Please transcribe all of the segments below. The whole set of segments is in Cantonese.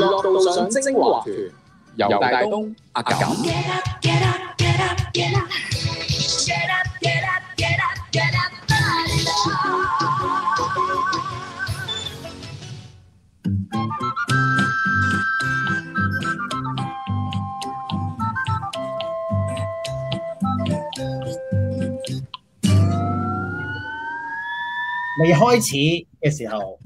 到上精華團，由大東、阿錦。未開始嘅時候，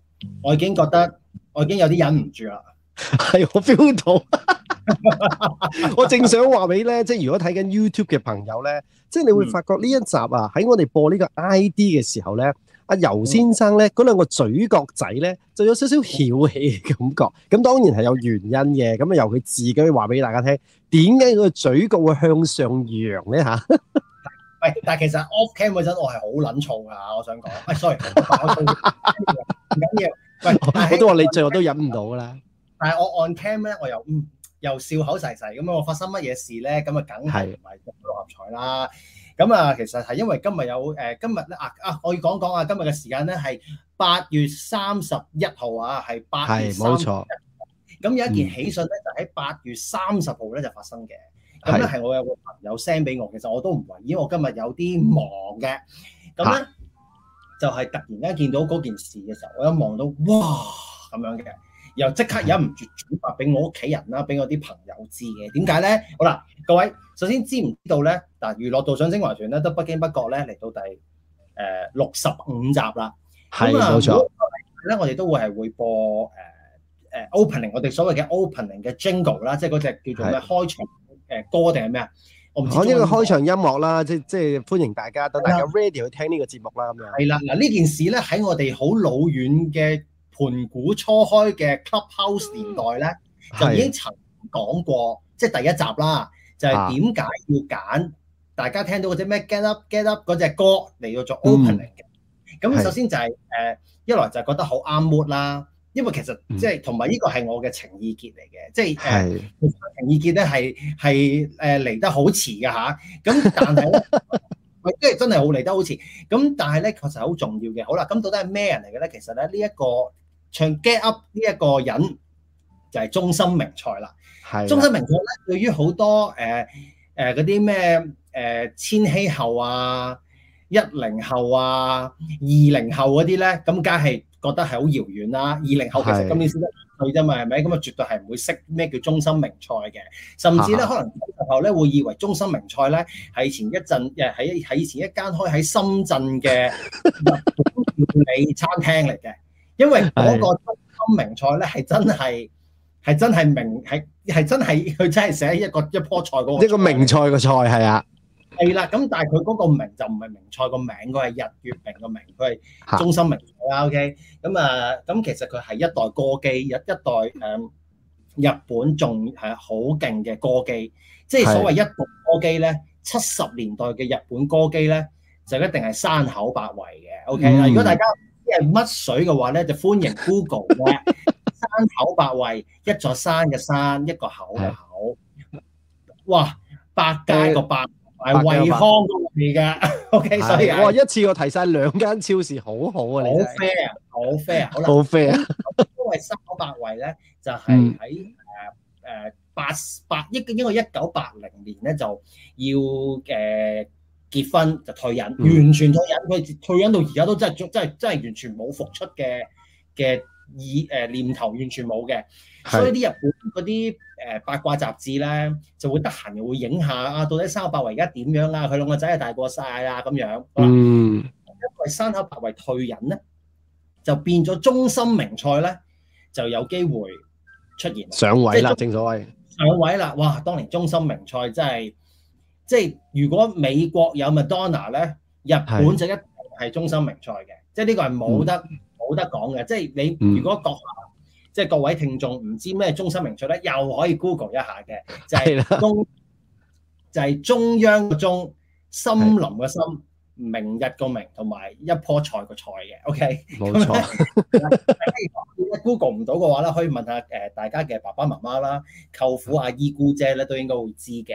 我已經覺得，我已經有啲忍唔住啦。係我 feel 到， 我正想話你咧，即係如果睇緊 YouTube 嘅朋友咧，即係你會發覺呢一集啊，喺我哋播呢個 ID 嘅時候咧，阿、嗯啊、尤先生咧嗰兩個嘴角仔咧就有少少翹起嘅感覺，咁當然係有原因嘅，咁啊由佢自己話俾大家聽，點解個嘴角會向上揚咧吓？ 喂，但係其實 off cam 嗰陣我係好捻燥噶，我想講，喂、哎、，sorry，唔緊要，喂，我都話你最後都忍唔到啦。 但係我 on cam 咧，我又嗯又笑口噬噬咁樣。我發生乜嘢事咧？咁啊，梗係唔係中六合彩啦？咁啊，其實係因為今日有誒，今日咧啊啊，我要講講啊，今日嘅時間咧係八月三十一號啊，係八月三十一號。咁有一件喜訊咧，就喺八月三十號咧就發生嘅。咁咧係我有個朋友 send 俾我，其實我都唔為意，因為我今日有啲忙嘅。咁咧就係突然間見到嗰件事嘅時候，我一望到哇咁樣嘅。又即刻忍唔住轉發俾我屋企人啦，俾我啲朋友知嘅。點解咧？好啦，各位首先知唔知道咧？嗱，娛樂導賞精華團咧都不經不覺咧嚟到第六十五集啦。係冇是麼錯。咁我哋都會係會播、呃、opening，我哋所謂嘅 opening 嘅 jingle 啦，即係嗰隻叫做咩是開場誒歌定係咩啊？我唔講呢個開場音樂啦，即即係歡迎大家等大家 ready 去聽呢個節目啦咁樣。係啦，嗱呢件事咧喺我哋好老遠嘅。盤古初開嘅 Clubhouse 年代咧，就已經曾講過，的即係第一集啦，就係點解要揀大家聽到嗰隻咩 Get Up Get Up 嗰隻歌嚟到做 opening 嘅。咁、嗯、首先就係、是、誒，的一來就係覺得好啱 mood 啦，因為其實即係同埋呢個係我嘅情意結嚟嘅，即係誒情意結咧係係誒嚟得好遲㗎吓。咁但係咧，即係真係好嚟得好遲。咁但係咧確實好重要嘅。好啦，咁到底係咩人嚟嘅咧？其實咧呢一、這個。唱 get up 呢一個人就係、是、中森明菜啦。係的，中森明菜咧，對於好多誒誒嗰啲咩誒千禧後啊、一零後啊、二零後嗰啲咧，咁梗係覺得係好遙遠啦。二零後其實今年先得五歲啫嘛，係咪的？咁啊，絕對係唔會識咩叫中森明菜嘅。甚至咧，的可能二零後咧會以為中森明菜咧係前一陣誒喺喺以前一間開喺深圳嘅料 理餐廳嚟嘅。因為嗰個中森明菜咧，係真係，係真係名，係係真係佢真係寫一個一樖菜嗰個。一個名菜個菜係啊，係啦。咁但係佢嗰個名就唔係名菜個名，佢係日月明個名，佢係中森明菜啦。O K。咁啊，咁其實佢係一代歌姬，一一代誒日本仲誒好勁嘅歌姬，即係所謂一代歌姬咧，七十年代嘅日本歌姬咧就一定係山口百惠嘅。O K。嗱，如果大家。係乜水嘅話咧，就歡迎 Google 咧。山口百惠，一座山嘅山，一個口嘅口。哇，百佳個百，係惠康嚟㗎。O K，所以哇，一次我提曬兩間超市，好好啊，你。好 fair，好 fair，好啦。好 fair，因為山口百惠咧，就係喺誒誒八八，因為因為一九八零年咧，就要嘅。結婚就退隱，完全退隱，佢、嗯、退隱到而家都真係真係真係完全冇復出嘅嘅意誒念頭，完全冇嘅。是所以啲日本嗰啲誒八卦雜誌咧，就會得閒又會影下啊，到底山口百惠而家點樣啊？佢兩個仔又大過晒啊咁樣。嗯，因為山口百惠退隱咧，就變咗中森明菜咧，就有機會出現了上位啦。正所謂上位啦！哇，當年中森明菜真係～即係如果美國有 Madonna 咧，日本就一定係中森明菜嘅，即係呢個係冇得冇得講嘅。即係你如果各即係各位聽眾唔知咩中森明菜咧，又可以 Google 一下嘅，就係中，係嘅，就係中央嘅中，森林嘅森。明日個明同埋一樖菜個菜嘅，OK，冇錯。 如果 Google 唔到嘅話咧，可以問下大家嘅爸爸媽媽啦、舅父阿姨姑姐咧，都應該會知嘅。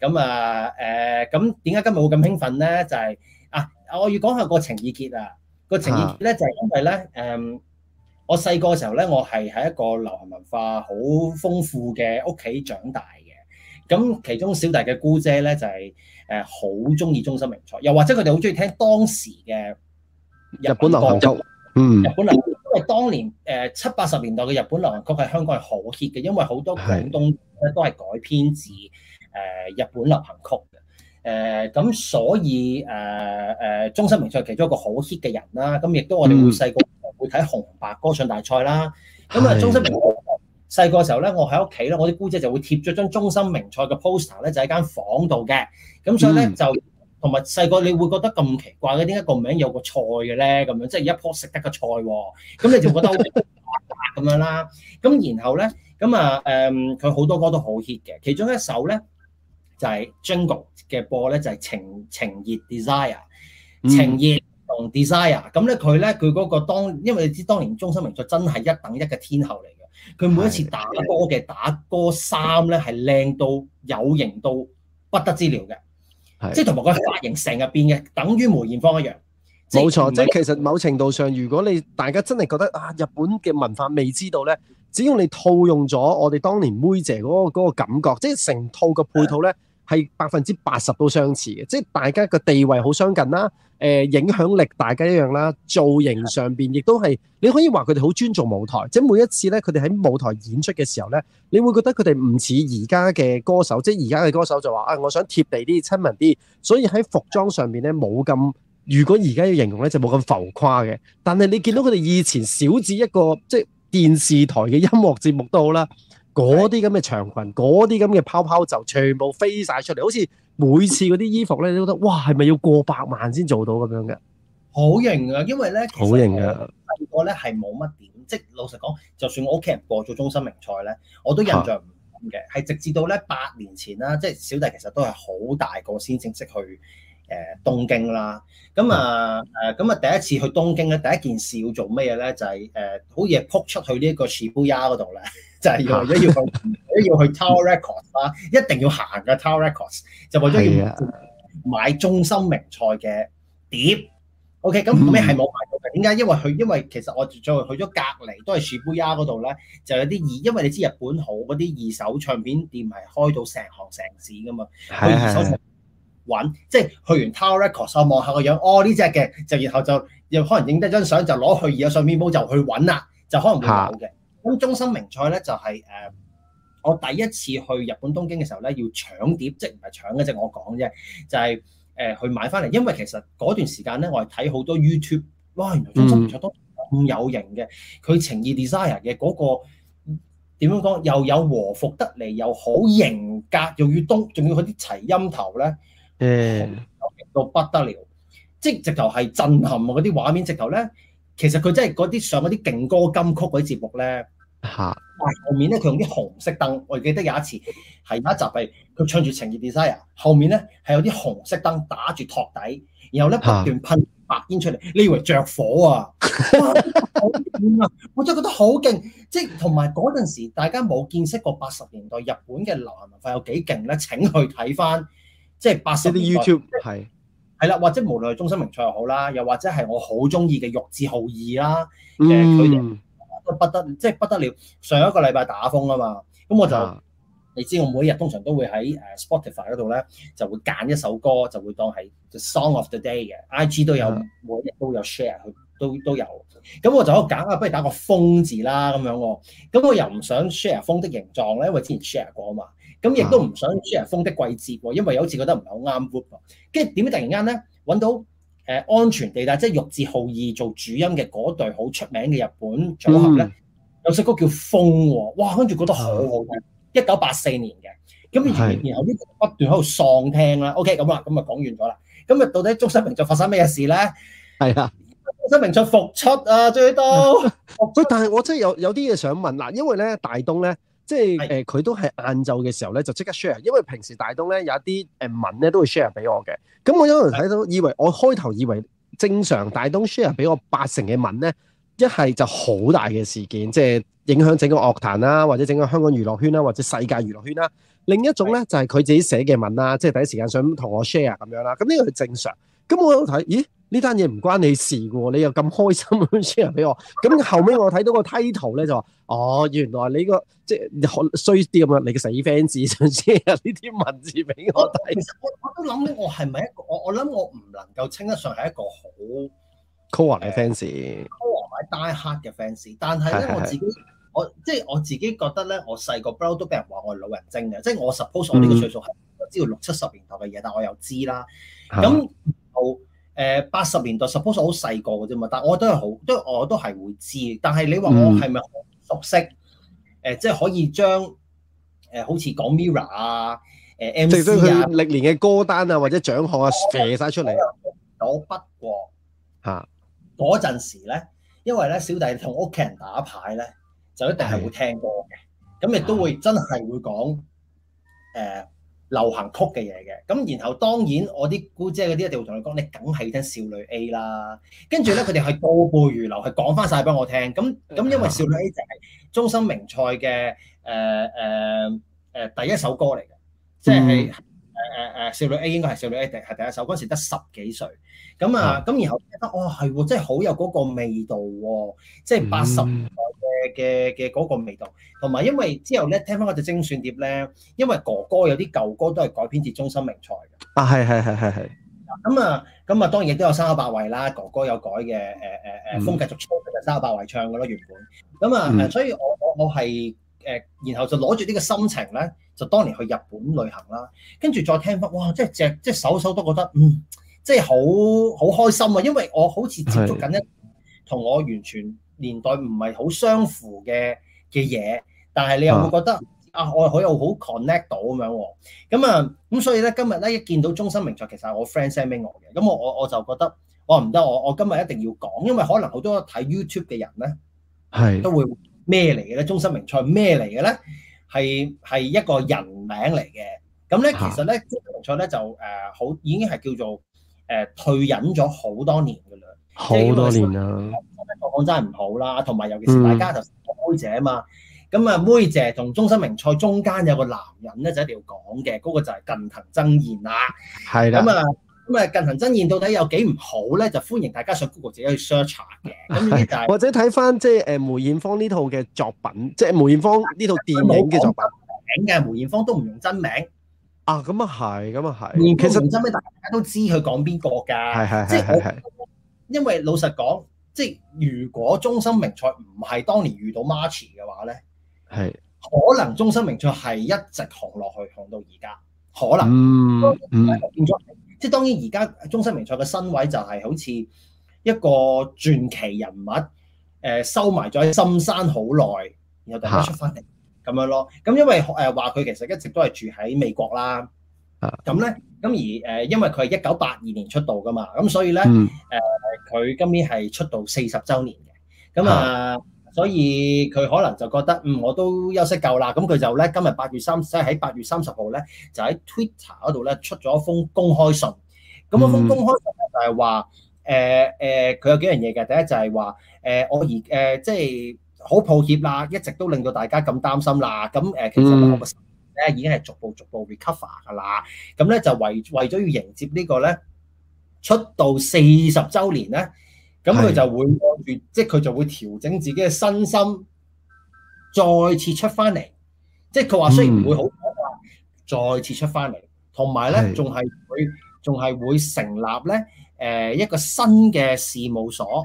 咁啊咁點解今日會咁興奮咧？就係啊，我要講下個情意結啊。個情意結咧就係因為咧、啊嗯、我細個時候咧，我係喺一個流行文化好豐富嘅屋企長大嘅。咁其中小弟嘅姑姐咧就係。誒好中意中森明菜，又或者佢哋好中意聽當時嘅日本流行曲，嗯，日本流行，因為當年誒七八十年代嘅日本流行曲喺香港係好 hit 嘅，嗯、因為好多廣東咧都係改編自誒日本流行曲嘅，誒咁是、呃呃、所以誒誒、呃呃、中森明菜其中一個好 hit 嘅人啦，咁、啊、亦都我哋會細個會睇紅白歌唱大賽啦，咁啊、嗯、中森明菜。細個時候咧，我喺屋企咧，我啲姑姐就會貼咗張中森明菜嘅 poster 咧，就喺間房度嘅。咁、嗯、所以咧就同埋細個你會覺得咁奇怪嘅，點解個名有個菜嘅咧？咁樣即係一樖食得嘅菜喎。咁你就覺得好咁樣啦。咁 然後咧，咁啊誒，佢好多歌都好 hit 嘅，其中一首咧就係 Jungle 嘅播咧，就係、是、情情熱 Desire、嗯、情熱同 Desire。咁咧佢咧佢嗰個當，因為你知，當年中森明菜真係一等一嘅天后嚟。佢每一次打歌嘅打歌衫咧，係靚到有型到不得之了嘅，是的 即係同埋佢髮型成日變嘅，等於梅艷芳一樣。冇是的 錯，即係其實某程度上，如果你大家真係覺得啊，日本嘅文化未知道咧，只要你套用咗我哋當年妹姐嗰個嗰個感覺，即係成套嘅配套咧。係百分之八十都相似嘅，即大家個地位好相近啦、呃，影響力大家一樣啦，造型上面亦都係你可以話佢哋好尊重舞台，即每一次咧佢哋喺舞台演出嘅時候咧，你會覺得佢哋唔似而家嘅歌手，即而家嘅歌手就話啊、哎，我想貼地啲、親民啲，所以喺服裝上面咧冇咁，如果而家嘅形容咧就冇咁浮誇嘅，但係你見到佢哋以前小至一個即係電視台嘅音樂節目都好啦。嗰啲咁嘅長裙，嗰啲咁嘅泡泡袖，全部飛晒出嚟，好似每次嗰啲衣服咧，都覺得哇，係咪要過百萬先做到咁樣嘅？好型啊，因為咧，好型啊。第二個咧係冇乜點，即係老實講，就算我屋企人過咗中森明菜咧，我都印象唔嘅。係的直至到咧八年前啦，即係小弟其實都係好大個先正式去。誒東京啦，咁啊誒咁啊第一次去東京咧，第一件事要做咩嘢咧？就係、是、誒、呃，好似係撲出去呢一個 Shibuya 嗰度咧，就係為咗要去，即係 要去 Tower Records 啦，一定要行嘅 Tower Records，就為咗要買中森明菜嘅碟。是啊、OK，咁後尾係冇買到？嘅？點解？因為佢，因為其實我再去咗隔離都係 Shibuya 嗰度咧，就有啲二，因為你知日本好嗰啲二手唱片店係開到成行成市噶嘛，二是、啊、手、揾即係去完 Tower Records，我望下個樣，哦呢隻嘅，就然後就又可能影多張相，就攞去而家上面煲就去揾啦，就可能會有嘅。咁、啊、中森明菜咧就係、是、誒、呃，我第一次去日本東京嘅時候咧，要搶碟，即唔係搶嘅，即我講啫，就係、是、誒、就是呃、去買翻嚟，因為其實嗰段時間咧，我係睇好多 YouTube，哇原來中森明菜都咁有型嘅，佢情意 design 嘅嗰、那個點樣講，又有和服得嚟，又好型格，又要東，仲要嗰啲齊音頭咧。誒，到不得了，即係直頭係震撼啊！嗰啲畫面直頭咧，其實佢真係嗰啲上嗰啲勁歌金曲嗰啲節目咧，吓，但後面咧佢用啲紅色燈，我記得有一次係一集係佢唱住《情熱 Desire》，後面咧係有啲紅色燈打住托底，然後咧不斷噴白煙出嚟， 你以為着火啊？好勁啊！我真係覺得好勁，即係同埋嗰陣時大家冇見識過八十年代日本嘅流行文化有幾勁咧，請去睇翻。即係白色啲 YouTube，係係啦，或者無論係中森明菜又好啦，又或者係我好中意嘅玉置浩二啦，誒佢哋都不得即係、就是、不得了。上一個禮拜打風啊嘛，咁我就、啊、你知我每日通常都會喺誒 Spotify 嗰度咧，就會揀一首歌，就會當係 The Song of the Day 嘅。IG 都有，啊、每日都有 share，都都有。咁我就可揀啊，不如打個風字啦咁樣喎、啊。咁我又唔想 share 風的形狀咧，因為之前 share 過啊嘛。咁亦都唔想吹人風的季節喎，因為有次覺得唔係好啱喎。跟住點解突然間咧揾到誒安全地帶，即係玉置浩二做主音嘅嗰隊好出名嘅日本組合咧，嗯、有首歌叫風喎，哇！跟住覺得好好聽，一九八四年嘅。咁然後呢個不斷喺度喪聽啦。的 OK，咁啦，咁啊講完咗啦。咁啊，到底中森明菜發生咩事咧？係啦的，中森明菜復出啊，最多、嗯。但係我真係有有啲嘢想問啦，因為咧大東咧。即係誒，佢、呃、都係晏晝嘅時候咧，就即刻 share。因為平時大東咧有一啲、呃、文咧都會 share 俾我嘅。咁我一路睇到，是的 以為我開頭以為正常，大東 share 俾我八成嘅文咧，一係就好大嘅事件，即係影響整個樂壇啦，或者整個香港娛樂圈啦，或者世界娛樂圈啦。另一種咧就係、是、佢自己寫嘅文啦，是的 即係第一時間想同我 share 咁樣啦。咁呢個係正常。咁我一路睇，咦？呢單嘢唔關你事嘅喎，你又咁開心咁 share 俾我，咁 後尾我睇到個 title 咧就話， 哦原來你、這個即係衰啲咁樣，你嘅死 fans 想 share 呢啲文字俾我睇。其實我我都諗我係咪一個我我諗我唔能夠稱得上係一個好 core 嘅 fans，core 或者 die hard 嘅 fans，但係咧我自己我即係我自己覺得咧，我細個不嬲都俾人話我係老人精嘅，即係、嗯、我 suppose 我呢個歲數係知道六七十年代嘅嘢，但我又知啦，咁、啊、後。誒八十年代 suppose 我好細個嘅啫嘛，但係我都係好，都我都係會知。但係你話我係咪好熟悉？誒，即係可以將誒好似講 Mirror 啊、誒 MC 啊歷年嘅歌單啊、mm hmm，或者獎項啊、uh，射晒出嚟。我不過嚇嗰陣時咧，因為咧小弟同屋企人打牌咧，就一定係會聽歌嘅，咁亦的都會、啊、真係會講誒。呃流行曲嘅嘢嘅，咁然後當然我啲姑姐嗰啲一定會同佢講，你梗係聽少女 A 啦，跟住咧佢哋係倒背如流，係講翻晒俾我聽，咁咁因為少女 A 就係中森明菜嘅誒誒誒第一首歌嚟嘅，即、就、係、係。嗯誒誒誒，少女 A 應該係少女 A 定係第一首，嗰陣時得十幾歲，咁啊，咁、嗯、然後聽得，哦係喎，真係好有嗰個味道喎，啊，即係八十年代嘅嘅嘅嗰個味道。同埋因為之後咧聽翻嗰隻精選碟咧，因為哥哥有啲舊歌都係改編自中森明菜㗎。啊，係係係係係。咁啊，咁啊，當然亦都有山口百惠啦，哥哥有改嘅誒誒誒，風繼續吹就山口百惠唱㗎咯，原本。咁啊，嗯、所以我我我係。誒，然後就攞住呢個心情咧，就當年去日本旅行啦，跟住再聽翻，哇！即係隻即係手手都覺得，嗯，即係好好開心啊，因為我好似接觸緊一，同我完全年代唔係好相符嘅嘅嘢，但係你又會覺得啊，啊，我我又好 connect 到咁樣喎，咁啊，咁所以咧今日咧一見到中森明菜，其實係我 friend send 俾我嘅，咁我我我就覺得，我話我唔得，我我今日一定要講，因為可能好多睇 YouTube 嘅人咧，係都會。咩嚟嘅咧？中森明菜咩嚟嘅咧？係係一個人名嚟嘅。咁咧其實咧，明、啊、菜咧就誒好、呃、已經係叫做誒、呃、退隱咗好多年嘅啦。我我說好多年啦。講真係唔好啦，同埋尤其是大家就係妹姐啊嘛。咁啊、嗯，妹姐同中森明菜中間有個男人咧，就一定要講嘅。嗰、那個就係近藤真彥啦。係啦的。咁啊。咁啊，近藤真彥到底有幾唔好咧？就歡迎大家上 Google 自己去 search 嘅。咁咧是就是、或者睇翻即係誒梅艷芳呢套嘅作品，即係梅艷芳呢套電影嘅作品。名嘅梅艷芳都唔用真名啊！咁啊係，咁啊係。其、嗯、實、嗯嗯嗯嗯、大家都知佢講邊個㗎？係係係。即因為老實講，即係如果中森明菜唔係當年遇到 March 嘅話咧，係是可能中森明菜係一直紅落去，紅到而家可能。嗯嗯。嗯。即係當然，而家中森明菜嘅身位就係好似一個傳奇人物，誒收埋咗喺深山好耐，然後突然出翻嚟咁樣咯。咁因為誒話佢其實一直都係住喺美國啦，咁咧咁而誒、呃，因為佢係一九八二年出道噶嘛，咁所以咧誒佢今年係出道四十週年嘅，咁啊。啊啊所以佢可能就覺得，嗯，我都休息夠啦，咁佢就咧今日八月三，即係喺八月三十號咧，就喺 Twitter 嗰度咧出咗一封公開信。咁嗰封公開信就係話，誒誒、嗯，佢、呃呃、有幾樣嘢嘅。第一就係話，誒我而誒即係好抱歉啦，一直都令到大家咁擔心啦。咁誒、呃、其實我個身咧已經係逐步逐步 recover 㗎啦。咁咧就為為咗要迎接個呢個咧出道四十週年咧。咁佢就會攞住，是即係佢就會調整自己嘅身心，再次出翻嚟。即係佢話雖然唔會好短，嗯、但係再次出翻嚟，同埋咧仲係會仲係會成立咧誒、呃、一個新嘅事務所，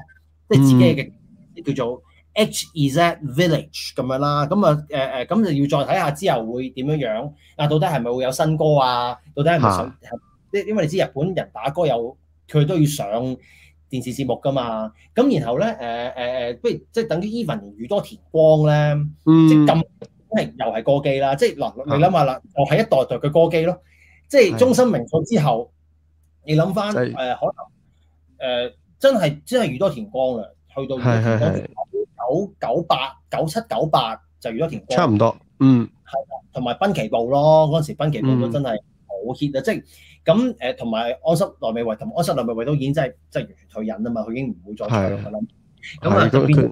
即係自己嘅、嗯、叫做 HZ Village 咁樣啦。咁啊誒誒，咁、呃、就要再睇下之後會點樣樣。嗱，到底係咪會有新歌啊？到底係咪上？因、啊、因為你知日本人打歌有佢都要上。電視節目㗎嘛，咁然後咧，誒誒誒，不如即係等於 even 宇多田光咧、嗯，即係咁，係是又係歌姬啦，即係嗱，你諗下啦，我係一代代嘅歌姬咯，是即係中森明菜之後，你諗翻誒可能誒、呃、真係真係宇多田光啦，去到九九八九七九八就宇多田光，田光差唔多，嗯，係同埋濱崎步咯，嗰陣時濱崎步都真係好 hit 啊，嗯、即係。咁誒同埋安室奈美惠同安室奈美惠都已經真係真係完全退隱啦嘛，佢已經唔會再唱噶啦。咁啊，邊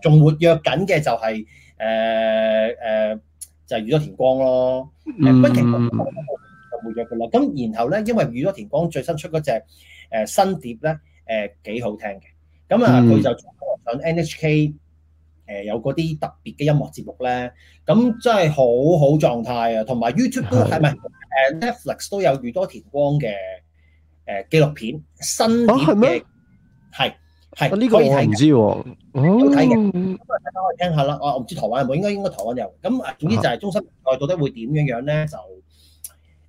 仲活躍緊嘅就係誒誒就係、是、宇多田光咯，誒不停咁活躍嘅啦。咁然後咧，因為宇多田光最新出嗰隻新碟咧，誒幾好聽嘅，咁啊佢、嗯、就上 NHK。誒、呃、有嗰啲特別嘅音樂節目咧，咁真係好好狀態啊！同埋 YouTube 都係咪？誒的的、嗯、Netflix 都有宇多田光嘅誒、呃、紀錄片新點咩？係係、啊。呢、啊這個我唔知喎，好睇嘅。咁睇翻我聽下啦。我唔知台灣有冇，應該應該台灣有。咁啊，總之就係中森明菜到底會點樣樣咧，就誒、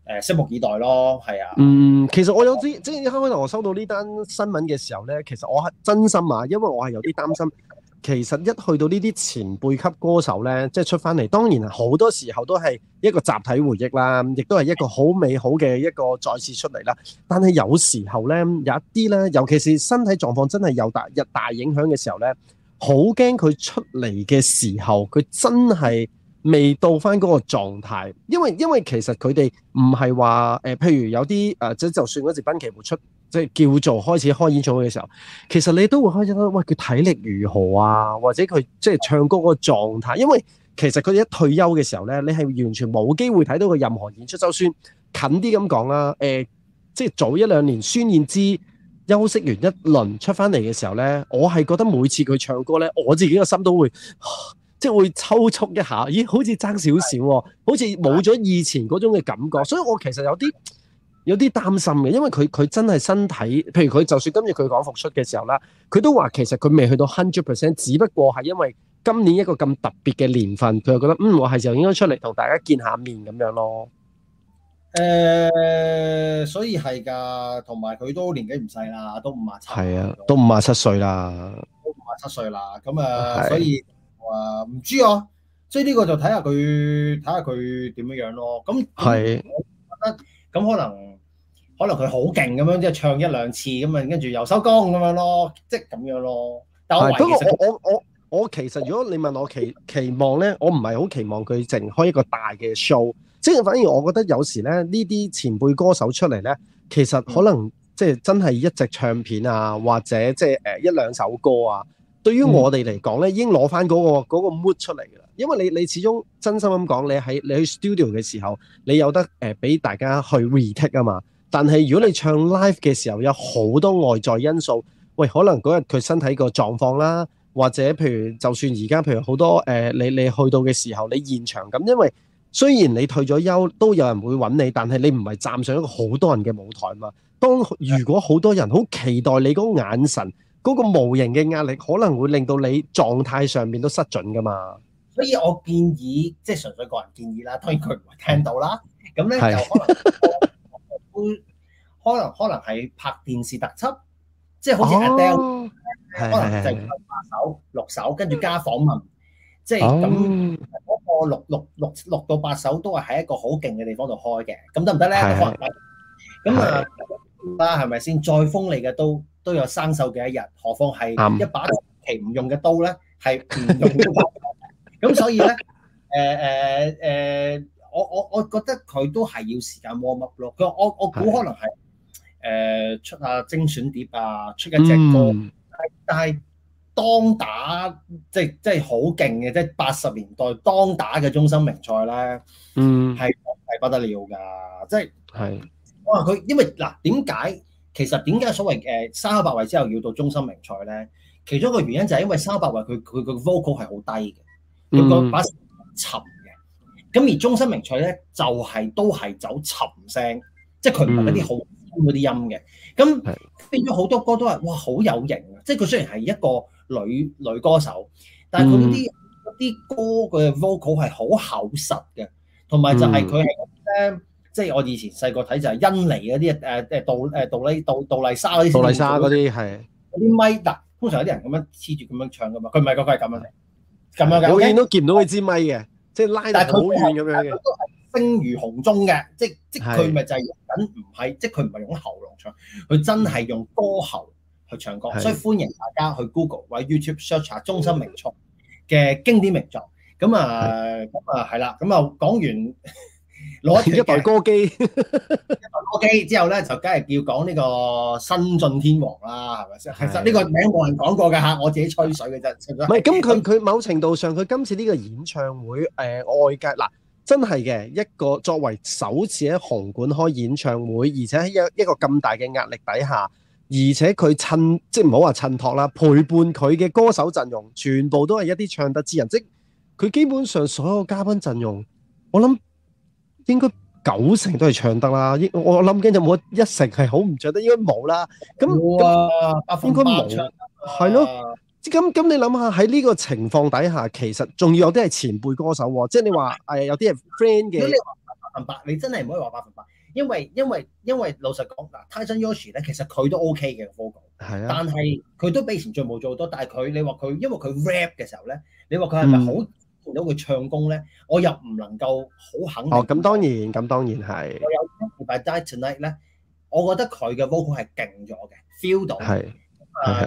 呃、拭目以待咯。係啊。嗯，其實我有知，我即係開頭我收到呢單新聞嘅時候咧，其實我係真心啊，因為我係有啲擔心。是其實一去到呢啲前輩級歌手呢，即係出翻嚟，當然好多時候都係一個集體回憶啦，亦都係一個好美好嘅一個再次出嚟啦。但係有時候呢，有一啲呢，尤其是身體狀況真係有大日大影響嘅時候呢，好驚佢出嚟嘅時候，佢真係未到翻嗰個狀態。因為因為其實佢哋唔係話呃，譬如有啲即、呃、就算嗰時分期會出。即係叫做開始開演唱會嘅時候，其實你都會開始覺得，喂佢體力如何啊？或者佢即係唱歌嗰個狀態，因為其實佢一退休嘅時候呢，你係完全冇機會睇到佢任何演出。就算近啲咁講啦，誒，即係早一兩年孫燕姿休息完一輪出翻嚟嘅時候呢，我係覺得每次佢唱歌呢，我自己個心都會即係會抽搐一下，咦？好似爭少少喎，好似冇咗以前嗰種嘅感覺，所以我其實有啲。有啲擔心嘅，因為佢佢真係身體，譬如佢就算今日佢講復出嘅時候啦，佢都話其實佢未去到 hundred percent，只不過係因為今年一個咁特別嘅年份，佢就覺得嗯，我係時候應該出嚟同大家見下面咁樣咯。誒、呃，所以係㗎，同埋佢都年紀唔細啦，都五十七，係啊，都五十七歲啦，都五十七歲啦，咁啊，所以話唔知啊。所以呢個就睇下佢睇下佢點樣樣咯。咁係是，我覺得咁可能。可能佢好勁咁樣，即係唱一兩次咁樣，跟住又收工咁、就是、樣咯，即係咁樣咯。但係都其實我我我，我其實如果你問我期期望咧，我唔係好期望佢淨開一個大嘅 show。即係反而我覺得有時咧，呢啲前輩歌手出嚟咧，其實可能即係真係一隻唱片啊，或者即係誒一兩首歌啊，對於我哋嚟講咧，已經攞翻嗰個、那個、mood 出嚟㗎啦。因為你你始終真心咁講，你喺你去 studio 嘅時候，你有得誒俾、呃、大家去 retake 啊嘛。但係如果你唱 live 嘅時候，有好多外在因素，喂，可能嗰日佢身體個狀況啦，或者譬如就算而家，譬如好多、呃、你你去到嘅時候，你現場咁，因為雖然你退咗休都有人會揾你，但係你唔係站上一個好多人嘅舞台嘛。當如果好多人好期待你嗰眼神，嗰、嗰個無形嘅壓力，可能會令到你狀態上面都失準噶嘛。所以我建議，即係純粹個人建議啦，當然佢唔係聽到啦。咁呢是的 就可能。 都可能可能係拍電視特輯，即係好似 Adele，可能淨係八首六首，跟住加訪問，即係咁嗰個六六六六到八首都係喺一個好勁嘅地方度開嘅，咁得唔得咧？可能得，咁啊啦，係咪先？再鋒利嘅刀都有生鏽嘅一日，何況係一把長期唔用嘅刀咧，係唔用咁，所以咧，誒誒誒。我我我覺得佢都係要時間 warm up 咯。佢我我估可能係誒是的、呃、出下、啊、精選碟啊，出一隻歌。嗯、但係當打即係即係好勁嘅，即係八十年代當打嘅中森明菜咧，係係、嗯、不得了㗎。即係我話佢，因為嗱點解其實點解所謂誒、呃、三級八位之後要到中森明菜咧？其中一個原因就係因為三級八位佢佢、嗯、個 vocal 係好低嘅，佢個把沉。咁而中心名取咧，就係、是、都係走沉聲，即係佢唔係嗰啲好嗰啲音嘅。咁、嗯、變咗好多歌都係哇，好有型啊！即係佢雖然係一個女女歌手，但係佢啲啲歌嘅 vocal 係好厚實嘅，同埋就係佢係咧，嗯、即係我以前細個睇就係恩尼嗰啲誒誒杜誒杜麗杜杜麗莎嗰啲杜麗莎嗰啲係嗰啲咪，但通常有啲人咁樣黐住咁樣唱噶嘛，佢唔係噶，佢係咁樣，咁樣嘅。我見都見唔到佢支咪嘅。即係拉得好遠咁樣嘅，聲、啊、如洪鐘嘅，即即佢咪就係用緊唔係，即佢唔係用喉嚨唱，佢真係用歌喉去唱歌，嗯、所以歡迎大家去 Google 或者 YouTube search 下「中森明菜」嘅經典名作，咁是啊咁是啊係啦，咁啊講完。攞一台歌機，一台歌機 台歌機之後咧，就梗係叫講呢個新晉天王啦，係咪先？是的 其實呢個名冇人講過嘅吓，我自己吹水嘅啫。唔係是的，咁佢佢某程度上，佢今次呢個演唱會誒外界嗱真係嘅一個作為首次喺紅館開演唱會，而且喺一一個咁大嘅壓力底下，而且佢襯即係唔好話襯托啦，陪伴佢嘅歌手陣容全部都係一啲唱得之人，即佢基本上所有嘉賓陣容，我諗。應該九成都係唱得啦，我諗緊有冇一成係好唔着得？應該冇啦。冇啊，哇應該冇。係咯。咁咁你諗下喺呢個情況底下，其實仲要有啲係前輩歌手喎。即係你話誒有啲係 friend 嘅。你百分百，你真係唔可以話百分百，因為因為因為老實講嗱，Tyson Yoshi 咧，其實佢都 OK 嘅，我講。係啊的。但係佢都比前進冇做多，但係佢你話佢因為佢 rap 嘅時候咧，你話佢係咪好？嗯如果佢唱功咧，我又唔能夠好肯定。哦，咁當然，咁當然係。我有聽 But Die Tonight 咧，的我覺得佢嘅 vocal 係勁咗嘅，feel 到。係。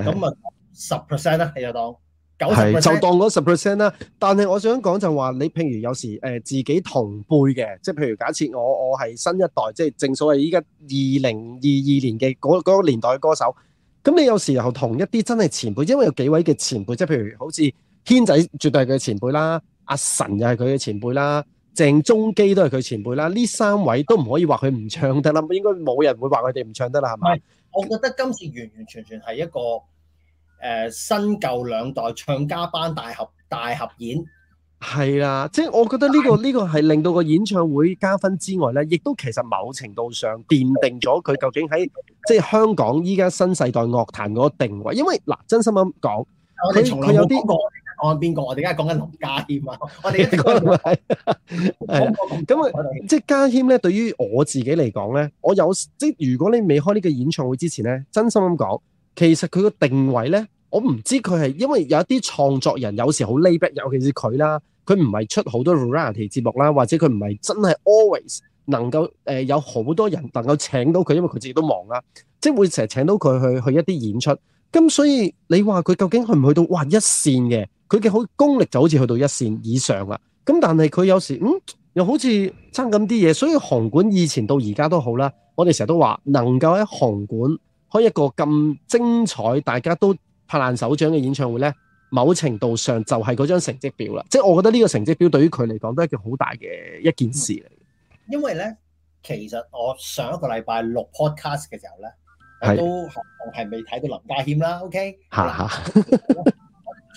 咁啊，十 percent 啦，你就當九十 percent，就當嗰十 percent 啦。但係我想講就話，你譬如有時、呃、自己同輩嘅，即譬如假設我我係新一代，即係正所謂依家二零二二年嘅嗰、嗰個嗰個年代嘅歌手。咁你有時候同一啲真係前輩，因為有幾位嘅前輩，即譬如好似軒仔絕對係佢嘅前輩啦。阿神又係佢嘅前輩啦，鄭中基都係佢前輩啦，呢三位都唔可以話佢唔唱得啦，應該冇人會話佢哋唔唱得啦，係咪？我覺得今次完完全全係一個誒新舊兩代唱家班大合大合演。係啦，即係我覺得呢個呢個係令到個演唱會加分之外呢，亦都其實某程度上奠定咗佢究竟喺即係香港依家新世代樂壇嗰個定位，因為嗱，真心咁講，佢有啲。按邊、啊、個？我哋而家講緊林家謙啊！我哋一直講林 的家謙咁啊！即係家謙咧，對於我自己嚟講咧，我有即係如果你未開呢個演唱會之前咧，真心咁講，其實佢個定位咧，我唔知佢係因為有一啲創作人有時好 lay back，尤其是佢啦，佢唔係出好多 Variety 節目啦，或者佢唔係真係 always 能夠誒、呃、有好多人能夠請到佢，因為佢自己都忙啦，即係會成日請到佢去去一啲演出。咁所以你話佢究竟去唔去到哇一線嘅？佢嘅好功力就好似去到一線以上啊！咁但係佢有時嗯，又好似爭咁啲嘢，所以紅館以前到而家都好啦。我哋成日都話，能夠喺紅館開一個咁精彩、大家都拍爛手掌嘅演唱會咧，某程度上就係嗰張成績表啦。即係我覺得呢個成績表對於佢嚟講都係件好大嘅一件事嚟。因為咧，其實我上一個禮拜錄 podcast 嘅時候咧，是的都係未睇過林家謙啦。OK，嚇嚇。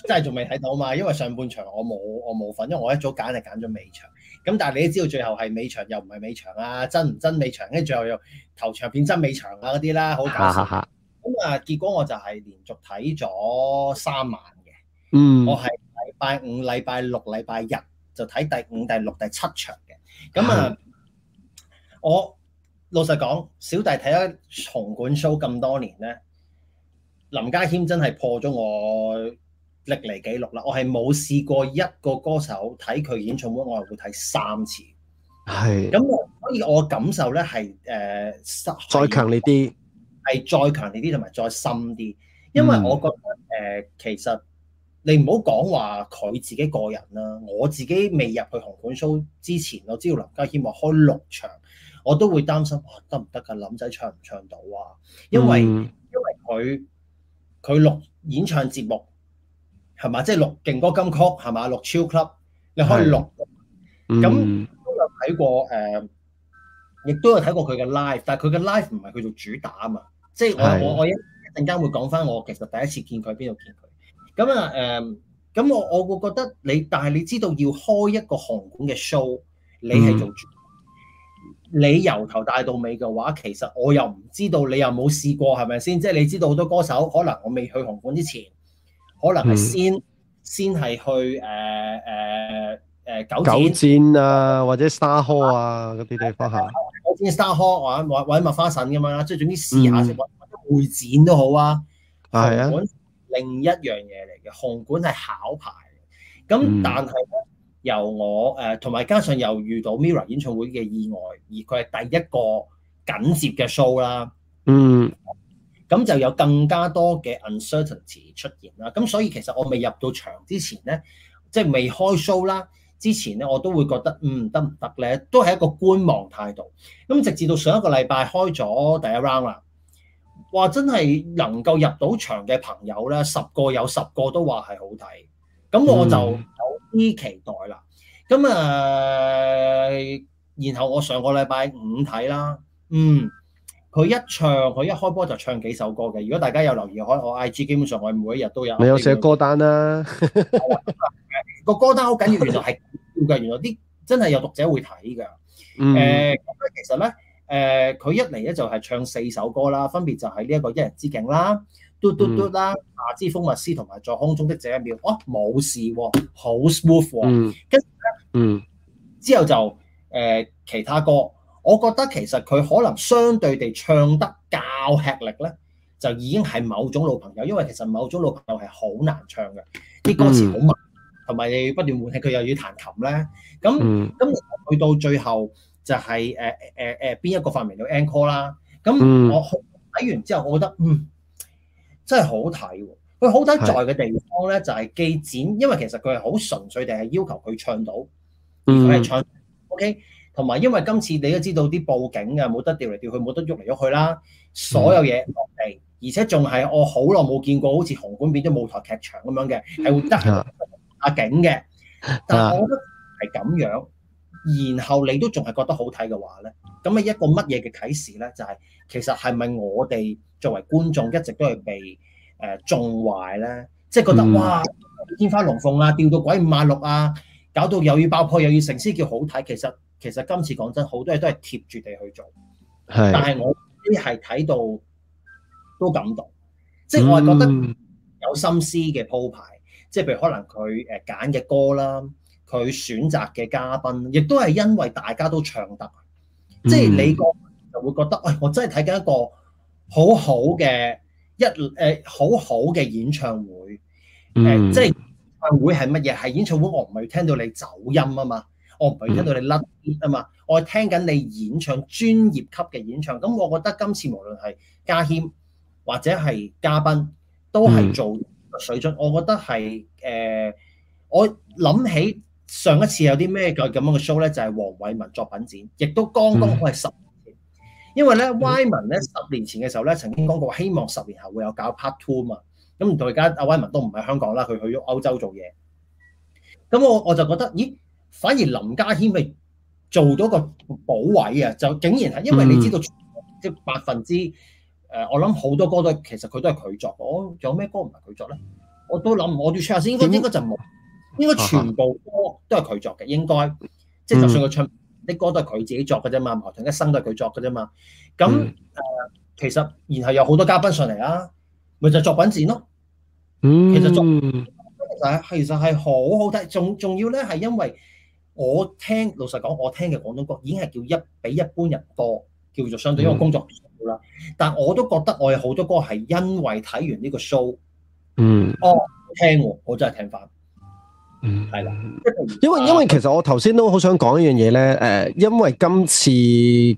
真係仲未睇到嘛？因為上半場我冇我冇份，因為我一早揀係揀咗尾場。咁但係你都知道，最後係尾場又唔係尾場啊，真唔真尾場？跟住最後又頭場變真尾場啊嗰啲啦，好搞笑。咁啊，結果我就係連續睇咗三晚嘅。嗯，我係禮拜五、禮拜六、禮拜日就睇第五、第六、第七場嘅。咁啊， 我老實講，小弟睇咗紅館 show 咁多年呢，林家謙真係破咗我。歷來記錄啦，我係冇試過一個歌手睇佢演唱會，我係會睇三次。係咁是，所以我感受咧係誒深再強烈啲，係再強烈啲同埋再深啲，因為我覺得誒、嗯呃、其實你唔好講話佢自己個人啦、啊，我自己未入去紅館 show 之前，我知道林家謙話開六場，我都會擔心得唔得㗎？林仔唱唔唱到啊？因為、嗯、因為佢佢錄演唱節目。係嘛？即係、就是、錄勁歌金曲，係嘛？錄 Chill Club 你可以錄。咁都的有睇過誒，亦、uh, 都有睇過佢嘅 live，但係佢嘅 live 唔係佢做主打啊嘛。即、就、係、是、我我的我一陣間會講返，我其實第一次見佢喺邊度見佢。咁啊誒，咁、uh, 我我會覺得你，但係你知道要開一個紅館嘅 show，你係做主打，嗯、你由頭帶到尾嘅話，其實我又唔知道，你又冇試過係咪先？即係、就是、你知道好多歌手，可能我未去紅館之前。可能係先、嗯、先係去誒誒誒九九展啊，或者 Star Hall 啊嗰啲地方行，嗯嗯嗯、或者 Star Hall 或者玩玩麥花臣咁樣啦，即係總之試下先，或者會展都好啊。係、嗯、啊，嗯、另一樣嘢嚟嘅，紅館係考牌，咁但係由我誒，同、呃、埋加上又遇到 MIRROR 演唱會嘅意外，而佢係第一個緊接嘅 show 啦。嗯。咁就有更加多嘅 uncertainty 出現啦，咁所以其實我未入到場之前咧，即係、就是、未開 show 啦，之前咧我都會覺得嗯，得唔得咧，都係一個觀望態度。咁直至到上一個禮拜開咗第一 round 啦，哇真係能夠入到場嘅朋友咧，十個有十個都話係好睇，咁我就有啲期待啦。咁啊、呃，然後我上個禮拜五睇啦，嗯。佢一唱，佢一開波就唱幾首歌嘅。如果大家有留意開我 IG，基本上我每一日都有。你有寫歌單啦、啊，個 歌單好緊要。原來係要嘅，原來啲真係有讀者會睇㗎。誒咁咧，其實咧，誒、呃、佢一嚟咧就係唱四首歌啦，分別就係呢一個一人之境啦，嗯、嘟嘟嘟啦，夏之風物詩同埋在空中的這一秒。哦，冇事喎，好 smooth 啊。跟住咧，嗯，之後就誒、呃、其他歌。我覺得其實佢可能相對地唱得較吃力咧，就已經係某種老朋友，因為其實某種老朋友係好難唱嘅，啲歌詞好慢，同埋你不斷換氣，佢又要彈琴咧。咁咁去到最後就係誒誒誒邊一個發明咗 encore 啦？咁我睇完之後，我覺得嗯真係好睇喎！佢好睇在嘅地方咧，是就係既剪，因為其實佢係好純粹地係要求佢唱到，而佢係唱、嗯、OK。同埋，因為今次你都知道啲佈景嘅冇得調嚟調去，冇得喐嚟喐去啦，所有嘢落嚟，而且仲係我好耐冇見過，好似紅館變咗舞台劇場咁樣嘅，係會得阿景嘅。但係我覺得係咁樣，然後你都仲係覺得好睇嘅話咧，咁啊一個乜嘢嘅啟示咧？就係、是、其實係咪我哋作為觀眾一直都係被誒縱、呃、壞咧？即、就、係、是、覺得哇天花龍鳳啊，掉到鬼五馬六啊，搞到又要爆破又要成絲叫好睇，其實～其實今次講真，好多嘢都係貼住地去做，是但係我呢啲係睇到都感動，嗯、即係我係覺得有心思嘅鋪排，即係譬如可能佢誒揀嘅歌啦，佢選擇嘅嘉賓，亦都係因為大家都唱得。嗯、即係你講就會覺得，喂、哎，我真係睇緊一個好好嘅一、呃、好好嘅一誒好好嘅演唱會，誒、嗯、即係會係乜嘢？係演唱會係乜嘢，係演唱會我唔係聽到你走音啊嘛。我唔係聽到你甩啊嘛，嗯、我聽緊你演唱專業級嘅演唱。咁我覺得今次無論係嘉謙或者係嘉賓，都係做水準。嗯、我覺得係誒、呃，我諗起上一次有啲咩嘅咁樣嘅 show 咧，就係、是、黃偉文作品展，亦都剛剛好係十年前、嗯，因為咧、嗯、Y 文咧十年前嘅時候咧曾經講過希望十年後會有搞 part two 啊嘛。咁而家阿 Y 文都唔喺香港啦，佢去咗歐洲做嘢。咁我我就覺得，咦？反而林家謙咪做咗個補位啊！就竟然係因為你知道，即係、嗯、百分之誒、呃，我諗好多歌都其實佢都係佢作。我仲有咩歌唔係佢作咧？我都諗，我要 check 下先。應該樣應該就冇，應該全部歌都係佢作嘅。啊、應該即係、就係、就算佢唱啲、嗯、歌都係佢自己作嘅啫嘛，何韻一生都係佢作嘅啫嘛。咁誒、嗯呃，其實然後有好多嘉賓上嚟啦，咪就係、作品展咯。其實作、嗯、其實係其實係好好睇，仲仲要咧係因為。我聽老實講，我聽嘅廣東歌已經係叫一比一般人多，叫做相對於我工作啦。嗯、但我都覺得我有好多歌係因為睇完呢個 show，嗯，哦聽喎，我真係聽返，嗯，係啦的，因為、啊、因為其實我頭先都好想講一樣嘢咧，誒、呃，因為今次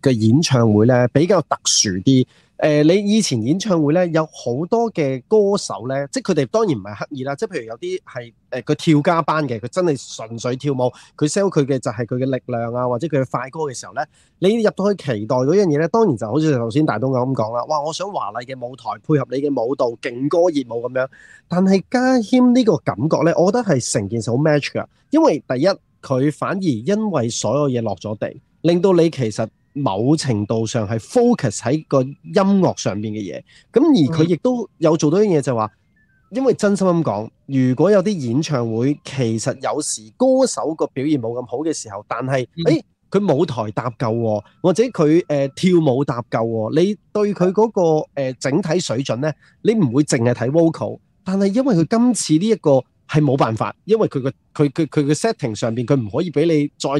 嘅演唱會咧比較特殊啲。誒、呃，你以前演唱會咧，有好多嘅歌手咧，即係佢哋當然唔係刻意啦，即係譬如有啲係誒個跳加班嘅，佢真係純粹跳舞，佢 sell 佢嘅就係佢嘅力量啊，或者佢嘅快歌嘅時候咧，你入到去期待嗰樣嘢咧，當然就好似頭先大東咁講啦，哇！我想華麗嘅舞台配合你嘅舞蹈勁歌熱舞咁樣，但係家謙呢個感覺咧，我覺得係成件事好 match 㗎，因為第一佢反而因為所有嘢落咗地，令到你其實。某程度上係 focus 喺個音樂上面嘅嘢，咁而佢亦都有做到啲嘢，就話，因為真心咁講，如果有啲演唱會，其實有時歌手個表現冇咁好嘅時候，但係，誒，佢舞台搭夠喎，或者佢誒、呃、跳舞搭夠喎，你對佢嗰個整體水準呢，你唔會淨係睇 vocal，但係因為佢今次呢一個係冇辦法，因為佢個佢佢佢嘅 setting 上邊，佢唔可以俾你再。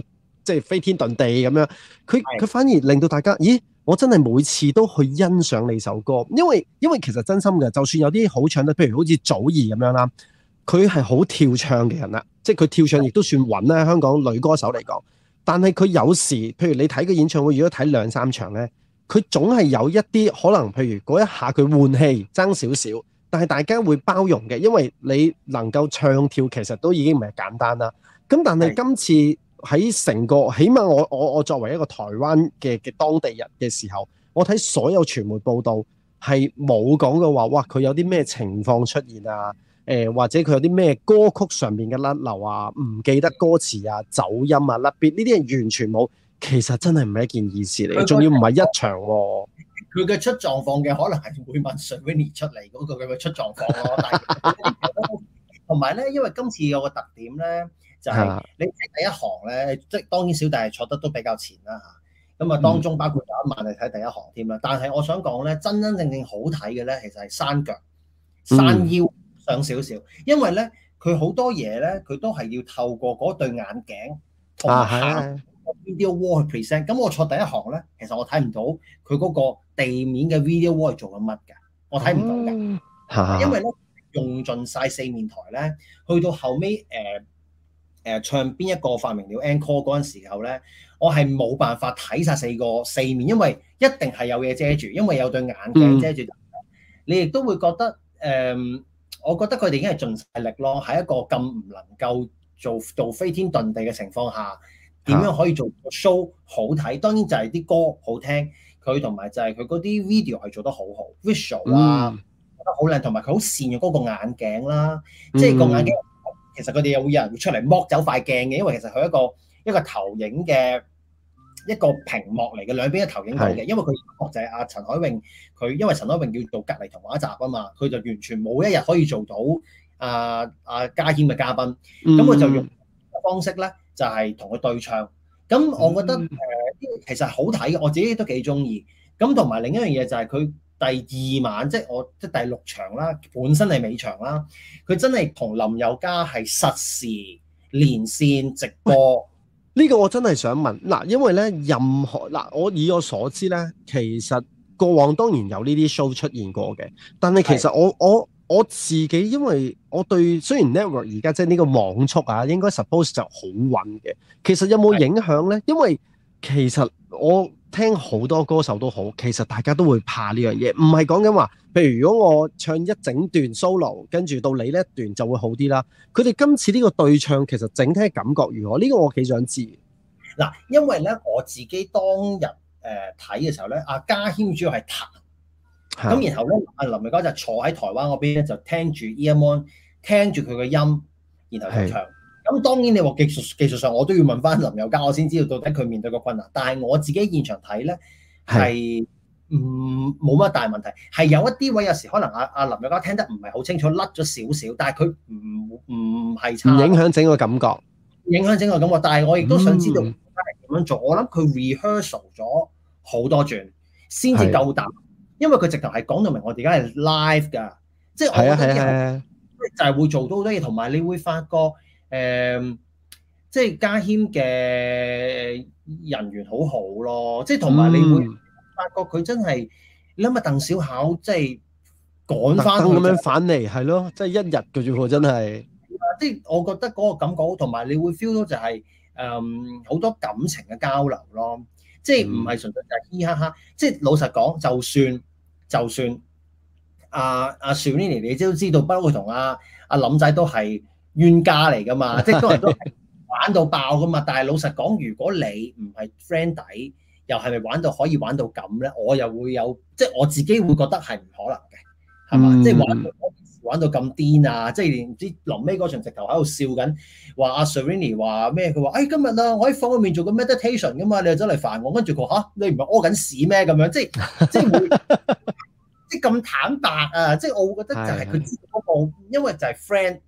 即係飛天遁地咁樣，佢佢反而令到大家，咦？我真係每次都去欣賞你首歌，因為因為其實真心嘅，就算有啲好唱得，譬如好似祖兒咁樣啦，佢係好跳唱嘅人啦，即係佢跳唱亦都算穩啦。是的 香港女歌手嚟講，但係佢有時，譬如你睇個演唱會，如果睇兩三場呢，佢總係有一啲可能，譬如嗰一下佢換氣爭少少，但係大家會包容嘅，因為你能夠唱跳，其實都已經唔係簡單啦。咁但係今次。喺成個，起碼我我我作為一個台灣嘅嘅當地人嘅時候，我睇所有傳媒報導係冇講過話，哇！佢有啲咩情況出現啊？誒、呃，或者佢有啲咩歌曲上面嘅甩流啊、唔記得歌詞啊、走音啊、甩別呢啲，人完全冇。其實真係唔係一件易事嚟，仲要唔係一場喎、啊。佢嘅出狀況嘅可能係會問 Shirley 出嚟嗰個嘅出狀況咯。但係同埋咧，因為今次有個特點咧。就係你睇第一行咧，即係當然小弟係坐得都比較前啦嚇。咁啊，當中包括有一萬係睇、嗯、第一行添啦。但係我想講咧，真真正正好睇嘅咧，其實係山腳、山腰上少少，嗯、因為咧佢好多嘢咧，佢都係要透過嗰對眼鏡同下 video wall 去 present。咁、啊、我坐第一行咧，其實我睇唔到佢嗰個地面嘅 video wall 係做緊乜㗎，我睇唔到嘅。嗯、因為咧用盡晒四面台咧，去到後尾。誒、呃。誒、呃、唱邊一個發明了 encore 嗰時候咧，我係冇辦法睇晒四個四面，因為一定係有嘢遮住，因為有對眼鏡遮住鏡。嗯、你亦都會覺得誒、呃，我覺得佢哋已經係盡曬力咯。喺一個咁唔能夠做到飛天遁地嘅情況下，點樣可以做 show 好睇？當然就係啲歌好聽，佢同埋就係佢嗰啲 video 係做得好好，visual 啊做、嗯、得好靚，同埋佢好善用嗰個眼鏡啦、啊，即、就、係、是、個眼鏡。其實佢哋又會有人會出嚟剝走塊鏡嘅，因為其實佢一個一個投影嘅一個屏幕嚟嘅，兩邊嘅投影嚟嘅。是的 因為佢國際阿陳海榮佢，因為陳海榮要到隔離同我一集啊嘛，佢就完全冇一日可以做到啊啊家謙嘅嘉賓，咁我、嗯、就用方式咧就係同佢對唱。咁我覺得誒、嗯呃，其實好睇，我自己都幾中意。咁同埋另一樣嘢就係佢。第二晚即係我即係第六場啦，本身係尾場啦，佢真係同林宥嘉係實時連線直播。呢、這個我真係想問嗱，因為咧任何嗱，我以我所知咧，其實過往當然有呢啲 show 出現過嘅，但係其實我是的 我我自己因為我對雖然 network 而家即係呢個網速啊，應該 suppose 就好穩嘅，其實有冇影響咧？是的 因為其實我。聽好多歌手都好，其實大家都會怕呢樣嘢，唔係講緊話，譬如如果我唱一整段 solo，跟住到你呢一段就會好啲啦。佢哋今次呢個對唱其實整體感覺如何？呢個我幾想知。嗱，因為咧我自己當日誒睇嘅時候咧，阿家謙主要係彈，咁的然後咧阿林月哥就坐喺台灣嗰邊咧就聽住 I E M，聽住佢嘅音，然後去唱。咁當然你話技術技術上我，我都要問翻林家謙，我先知道到底佢面對個困難。但係我自己現場睇咧，係唔冇乜大問題，係有一啲位有時可能阿、啊、阿、啊、林家謙聽得唔係好清楚，甩咗少少，但係佢唔唔係差，唔影響整個感覺，影響整個感覺。但係我亦都想知道佢係點樣做。嗯、我諗佢 rehearsal 咗好多轉，先至夠膽，是因為佢直頭係講到明我現在是，我哋而家係 live 㗎，即係係啊係啊，即係、啊啊、就係會做到好多嘢，同埋你會發覺。誒、嗯，即係家謙嘅人緣好好咯，即係同埋你會發覺佢真係諗下鄧小巧，即係趕翻咁、就是、樣返嚟，係咯，即係一日嘅啫喎，真係、嗯。啲，我覺得嗰個感覺，同埋你會 feel 到就係誒好多感情嘅交流咯，即係唔係純粹就係嘻嘻哈哈，即係老實講，就算就算阿阿、啊啊、Shirley 你都知道，包括同阿阿林仔都係。冤家嚟㗎嘛，即係都人都係玩到爆㗎嘛。是的 但係老實講，如果你唔係 friend 底，又係咪玩到可以玩到咁咧？我又會有，即係我自己會覺得係唔可能嘅，係嘛？嗯、即係玩玩到咁癲啊！即係連唔知臨尾嗰場直頭喺度笑緊，話阿 Serini 話咩？佢話：，哎，今日啊，我喺房入面做個 meditation 㗎嘛，你又走嚟煩我。跟住佢嚇，你唔係屙緊屎咩？咁樣即係即係 即係咁坦白啊！即係我會覺得就係佢知嗰、嗰個，是的 因為就係 friend。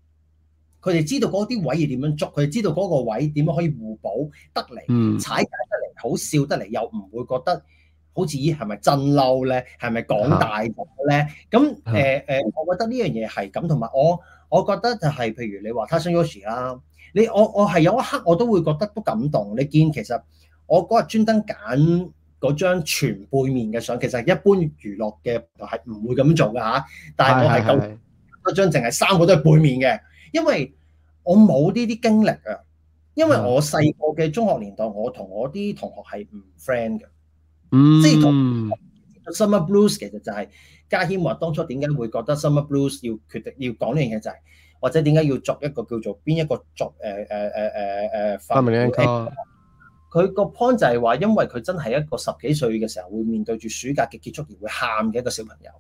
佢哋知道嗰啲位要點樣捉，佢哋知道嗰個位點樣可以互補得嚟，踩、嗯、得嚟，好笑得嚟，又唔會覺得好似咦係咪真嬲咧？係咪講大咗咧？誒誒，咁我覺得呢樣嘢係咁，同埋我我覺得就係、是、譬如你話 Tasha Yose 啦，你我我係有一刻我都會覺得都感動。你見其實我嗰日專登揀嗰張全背面嘅相，其實一般娛樂嘅係唔會咁樣做嘅，但係我係夠是是是只有一張淨係三個都係背面嘅。因為我冇呢啲經歷啊，因為我細個嘅中學年代，我同我啲同學係唔 friend 嘅，嗯，即係同 summer blues 其實就係、是、家謙話當初點解會覺得 summer blues 要決定要講呢樣嘢就係、是，或者點解要作一個叫做邊一個作誒誒誒誒誒？佢、呃呃呃、個 point 就係話，因為佢真係一個十幾歲嘅時候會面對住暑假嘅結束而會喊嘅一個小朋友。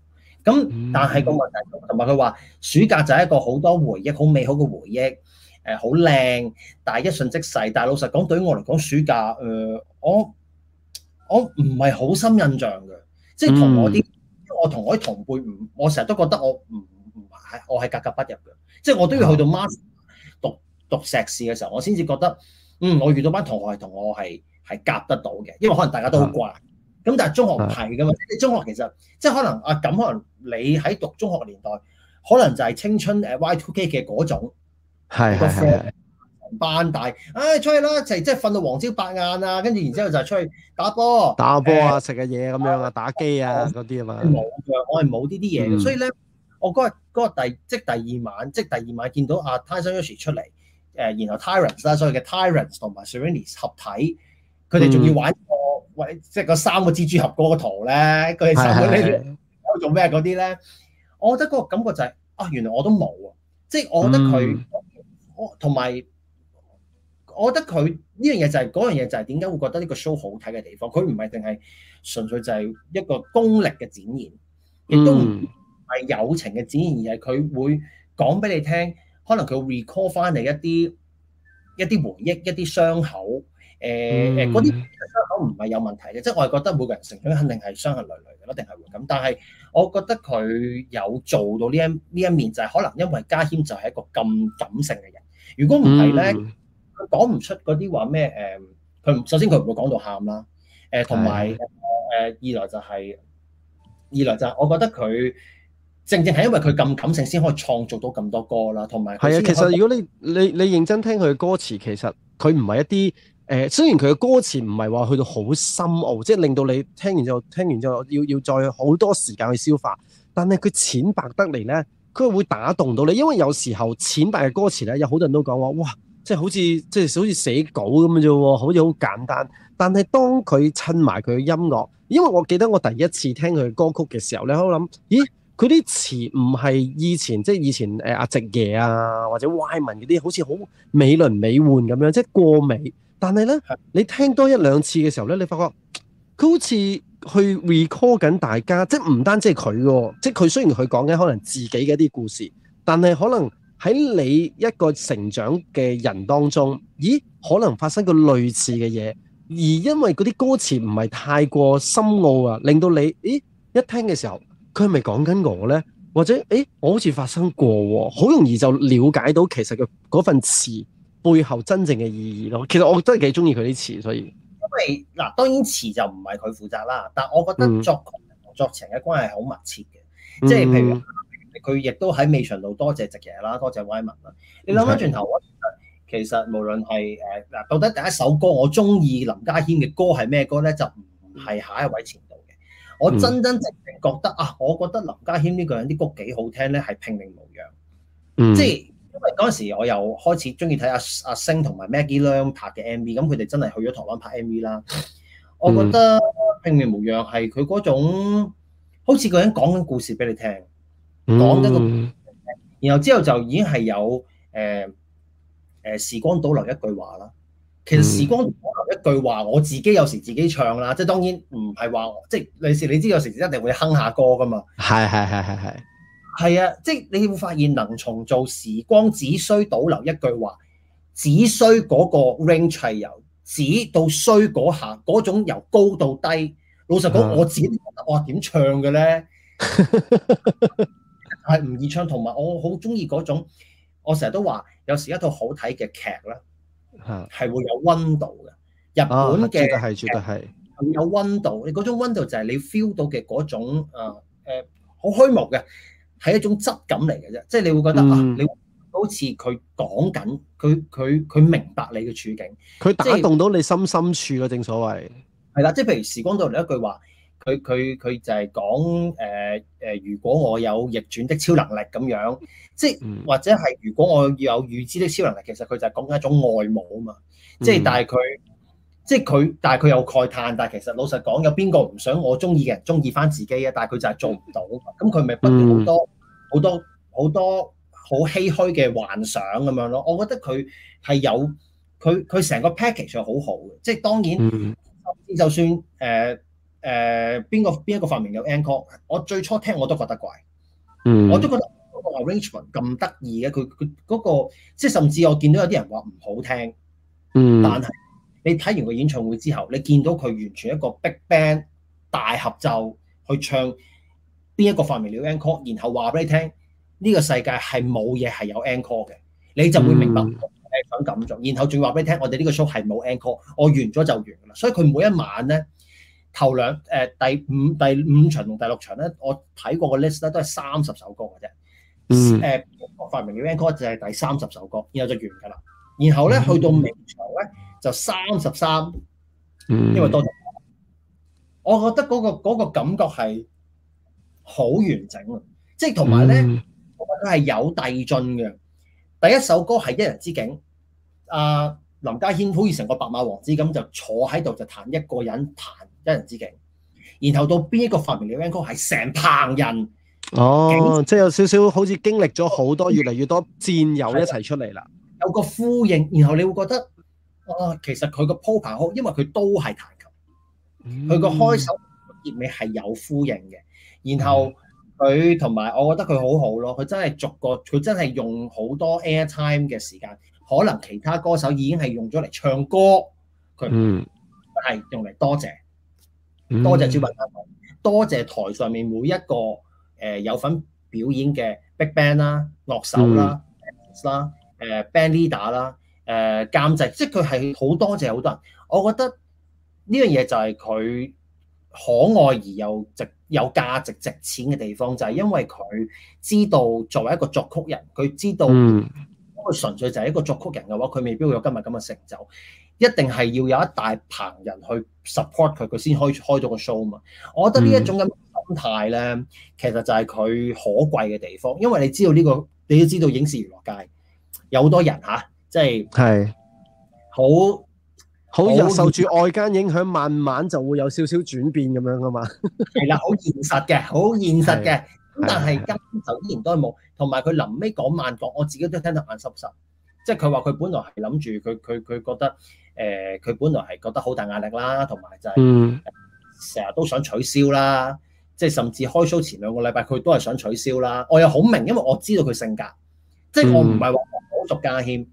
咁，嗯、但係個問題同埋佢話，暑假就係一個好多回憶，好美好嘅回憶，誒、呃，好靚，但係一瞬即逝。但係老實講，對於我嚟講，暑假誒、呃，我我唔係好深印象嘅，即係同我啲，嗯、因為我同我啲同輩，唔，我成日都覺得我唔唔，我係格格不入嘅，即係、嗯、我都要去到 master 讀讀，讀碩士嘅時候，我先至覺得，嗯，我遇到班同學係同我係係夾得到嘅，因為可能大家都好慣。嗯咁但係中學唔係㗎嘛？你中學其實即係可能啊咁，可能你喺讀中學年代，可能就係青春誒 Y2K 嘅嗰種，係係是的 扮大，唉的、哎、出去啦，就即係瞓到黃朝白晏啊，跟住然之後就出去打波，打波啊，食嘅嘢咁樣啊，打機啊嗰啲啊嘛。冇我係冇呢啲嘢嘅，嗯、所以咧，我嗰日日第即係第二晚，即係第二晚見到阿 Tyson Yoshi 出嚟，誒、呃、然後 Tyranz 啦，所謂嘅 Tyranz 同埋 Serrini 合體。佢哋仲要玩個喂，嗯、即係三個蜘蛛俠嗰個圖咧，佢哋個咧喺度做咩嗰啲咧？我覺得個感覺就係、是、啊，原來我都冇啊！即係我覺得佢，嗯、我同埋，我覺得佢呢、就是、樣嘢就係嗰樣嘢就係點解會覺得呢個 show 好睇嘅地方。佢唔係淨係純粹就係一個功力嘅展現，亦都唔係友情嘅展現，而係佢會講俾你聽，可能佢 recall 翻你一啲一啲回憶，一啲傷口。誒誒，嗰啲都唔係有問題嘅，即係我係覺得每個人成長肯定係傷痕累累嘅，一定係會咁。但係我覺得佢有做到呢 e 呢一面，就係可能因為家謙就係一個咁感性嘅人。如果唔係咧，佢講唔出嗰啲話咩誒？佢、呃、首先佢唔會講到喊啦。誒、呃，同埋誒，二來就係、是、二來就係，我覺得佢正正係因為佢咁感性，先可以創造到咁多歌啦。同埋係啊，其實如果你你你認真聽佢嘅歌詞，其實佢唔係一啲。誒雖然佢嘅歌詞唔係話去到好深奧，即係令到你聽完之後聽完之後要要再好多時間去消化，但係佢淺白得嚟呢，佢會打動到你。因為有時候淺白嘅歌詞呢，有好多人都講話，哇！即係好似即係好似寫稿咁樣啫喎，好似好簡單。但係當佢襯埋佢嘅音樂，因為我記得我第一次聽佢嘅歌曲嘅時候呢，我諗，咦？佢啲詞唔係以前即係以前誒阿夕爺啊或者歪文嗰啲，好似好美輪美奐咁樣，即係過美。但係呢，你聽多一兩次嘅時候呢，你發覺佢好似去 record 緊大家，即係唔單止係佢喎，即係佢雖然佢講緊可能自己嘅一啲故事，但係可能喺你一個成長嘅人當中，咦，可能發生過類似嘅嘢，而因為嗰啲歌詞唔係太過深奧啊，令到你，咦，一聽嘅時候，佢係咪講緊我呢？或者，咦，我好似發生過喎，好容易就了解到其實佢嗰份詞。背後真正嘅意義咯，其實我都係幾中意佢啲詞，所以因為嗱當然詞就唔係佢負責啦，但係我覺得作曲同作詞嘅關係係好密切嘅，嗯、即係譬如佢亦都喺尾場度多謝直嘢啦，多謝歪文啦。錯你諗翻轉頭，我其實無論係誒嗱，到底第一首歌我中意林家謙嘅歌係咩歌咧？就唔係下一位前度嘅。嗯、我真真正正覺得啊，我覺得林家謙呢個人啲曲幾好聽咧，係拼命無恙，嗯、即係。嗰陣時，我又開始中意睇阿阿星同埋 Maggie Lam 拍嘅 MV，咁佢哋真係去咗台灣拍 MV 啦。我覺得《拼命無恙》係佢嗰種，好似個人講緊故事俾你聽，講緊個，然後之後就已經係有誒誒、欸《時光倒流》一句話啦。其實《時光倒流》一句話，我自己有時自己唱啦，即係當然唔係話即係你你知有時一定會哼下歌噶嘛。係係係係係。係啊，即係你會發現能重做時光，只需倒流一句話，只需嗰個 range 由止到衰嗰下，嗰種由高到低。老實講，我自己覺得，啊、唱我點唱嘅咧？係唔易唱同埋，我好中意嗰種。我成日都話，有時一套好睇嘅劇咧，係會有溫度嘅。日本嘅係絕對係有溫度，你嗰種溫度就係你 feel 到嘅嗰種誒誒，好、呃、虛無嘅。係一種質感嚟嘅啫，即係你會覺得，嗯、啊，你好似佢講緊，佢佢佢明白你嘅處境，佢打動到你心深處咯，啊，就是、正所謂。係啦，即係譬如時光倒流一句話，佢佢佢就係講誒誒、呃，如果我有逆轉的超能力咁樣，即、就、係、是嗯、或者係如果我要有預知的超能力，其實佢就係講緊一種外貌啊嘛，即係但係佢。嗯即係佢，但係佢有慨嘆。但係其實老實講，有邊個唔想我中意嘅人中意翻自己啊？但係佢就係做唔到，咁佢咪不斷好多好、嗯、多好多好唏噓嘅幻想咁樣咯。我覺得佢係有佢佢成個 package 係好好嘅。即係當然，嗯、就算誒誒邊個邊一個發明有 encore，我最初聽我都覺得怪，嗯、我都覺得嗰個 arrangement 咁得意嘅。佢佢嗰個即係甚至我見到有啲人話唔好聽，嗯但，但係。你睇完個演唱會之後，你見到佢完全一個 big band 大合奏去唱邊一個發明了 encore，然後話俾你聽呢、呢個世界係冇嘢係有，有 encore 嘅，你就會明白誒、嗯、想咁做。然後仲要話俾你聽，我哋呢個 show 係冇 encore，我完咗就完噶啦。所以佢每一晚咧頭兩誒、呃、第五第五場同第六場咧，我睇過個 list 咧都係三十首歌嘅啫。誒、嗯呃、發明嘅 encore 就係第三十首歌，然後就完噶啦。然後咧、嗯、去到尾場咧。就三十三，因為多咗。嗯、我覺得嗰、嗰個嗰個感覺係好完整，即係同埋咧，嗯、我覺得係有遞進嘅。第一首歌係一人之境，阿、呃、林家謙好似成個白馬王子咁就坐喺度就彈一個人彈一人之境，然後到邊一個發明嘅 Encore 係成棚人，人哦，察即係有少少好似經歷咗好多越嚟越多戰友一齊出嚟啦，有個呼應，然後你會覺得。啊、其實佢個鋪排好，因為佢都係彈琴。佢個開首結尾係有呼應嘅。然後佢同埋，嗯、我覺得佢好好咯，佢真係逐個，佢真係用好多 air time 嘅時間。可能其他歌手已經係用咗嚟唱歌，佢係、嗯、用嚟多謝，多謝朱文、嗯、多謝台上面每一個誒、呃、有份表演嘅 Big Band 啦、樂手啦、啦誒、嗯 uh, Band Leader 啦。誒、呃、監製，即係佢係好多謝好多人。我覺得呢樣嘢就係佢可愛而又值有價值、值錢嘅地方，就係、是、因為佢知道作為一個作曲人，佢知道如果佢純粹就係一個作曲人嘅話，佢未必會有今日咁嘅成就。一定係要有一大棚人去 support 佢，佢先開開咗個 show 嘛。我覺得呢一種咁嘅心態咧，其實就係佢可貴嘅地方，因為你知道呢、這個你都知道，影視娛樂界有好多人嚇。即係係，好好是受住外間影響，慢慢就會有少少轉變咁樣噶嘛。係 啦，好現實嘅，好現實嘅。咁是但係今就依然都冇，同埋佢臨尾講萬講，我自己都聽得眼濕濕。即係佢話佢本來係諗住佢佢佢覺得誒，佢、呃、本來係覺得好大壓力啦，同埋就係成日都想取消啦。即係甚至開 show 前兩個禮拜，佢都係想取消啦。我又好明白，因為我知道佢性格，即係我唔係話好熟家謙。嗯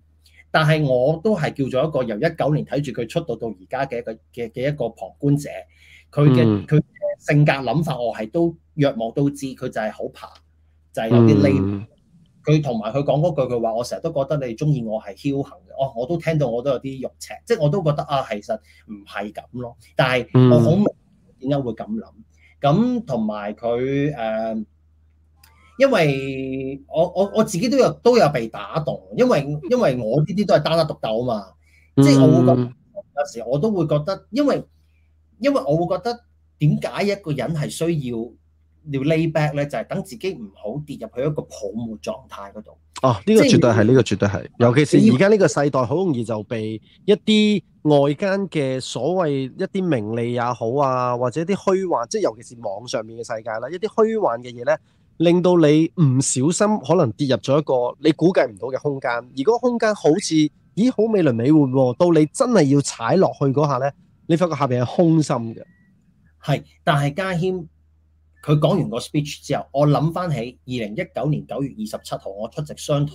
但係我都係叫做一個由一九年睇住佢出道到而家嘅一個嘅嘅一個旁觀者。佢嘅佢性格諗法我係都約莫都知，佢就係好怕，就係、是、有啲呢。佢同埋佢講嗰句佢話，我成日都覺得你中意我係僥倖嘅。哦，我都聽到我都有啲肉赤，即、就、係、是、我都覺得啊，其實唔係咁咯。但係我好明點解會咁諗。咁同埋佢誒。呃因為我我我自己都有都有被打動，因為因為我呢啲都係單打獨鬥啊嘛，嗯、即係我會咁有時我都會覺得，因為因為我會覺得點解一個人係需要要 lay back 咧，就係、是、等自己唔好跌入去一個泡沫狀態嗰度。哦，呢、這個絕對係呢即個絕對係，尤其是而家呢個世代好容易就被一啲外間嘅所謂一啲名利也好啊，或者一啲虛幻，即係尤其是網上面嘅世界啦，一啲虛幻嘅嘢咧。令到你唔小心，可能跌入咗一個你估計唔到嘅空間。而個空間好似咦好美輪美奐喎，到你真係要踩落去嗰下咧，你發覺下邊係空心嘅。係，但係家謙佢講完個 speech 之後，我諗翻起二零一九年九月二十七號，我出席商台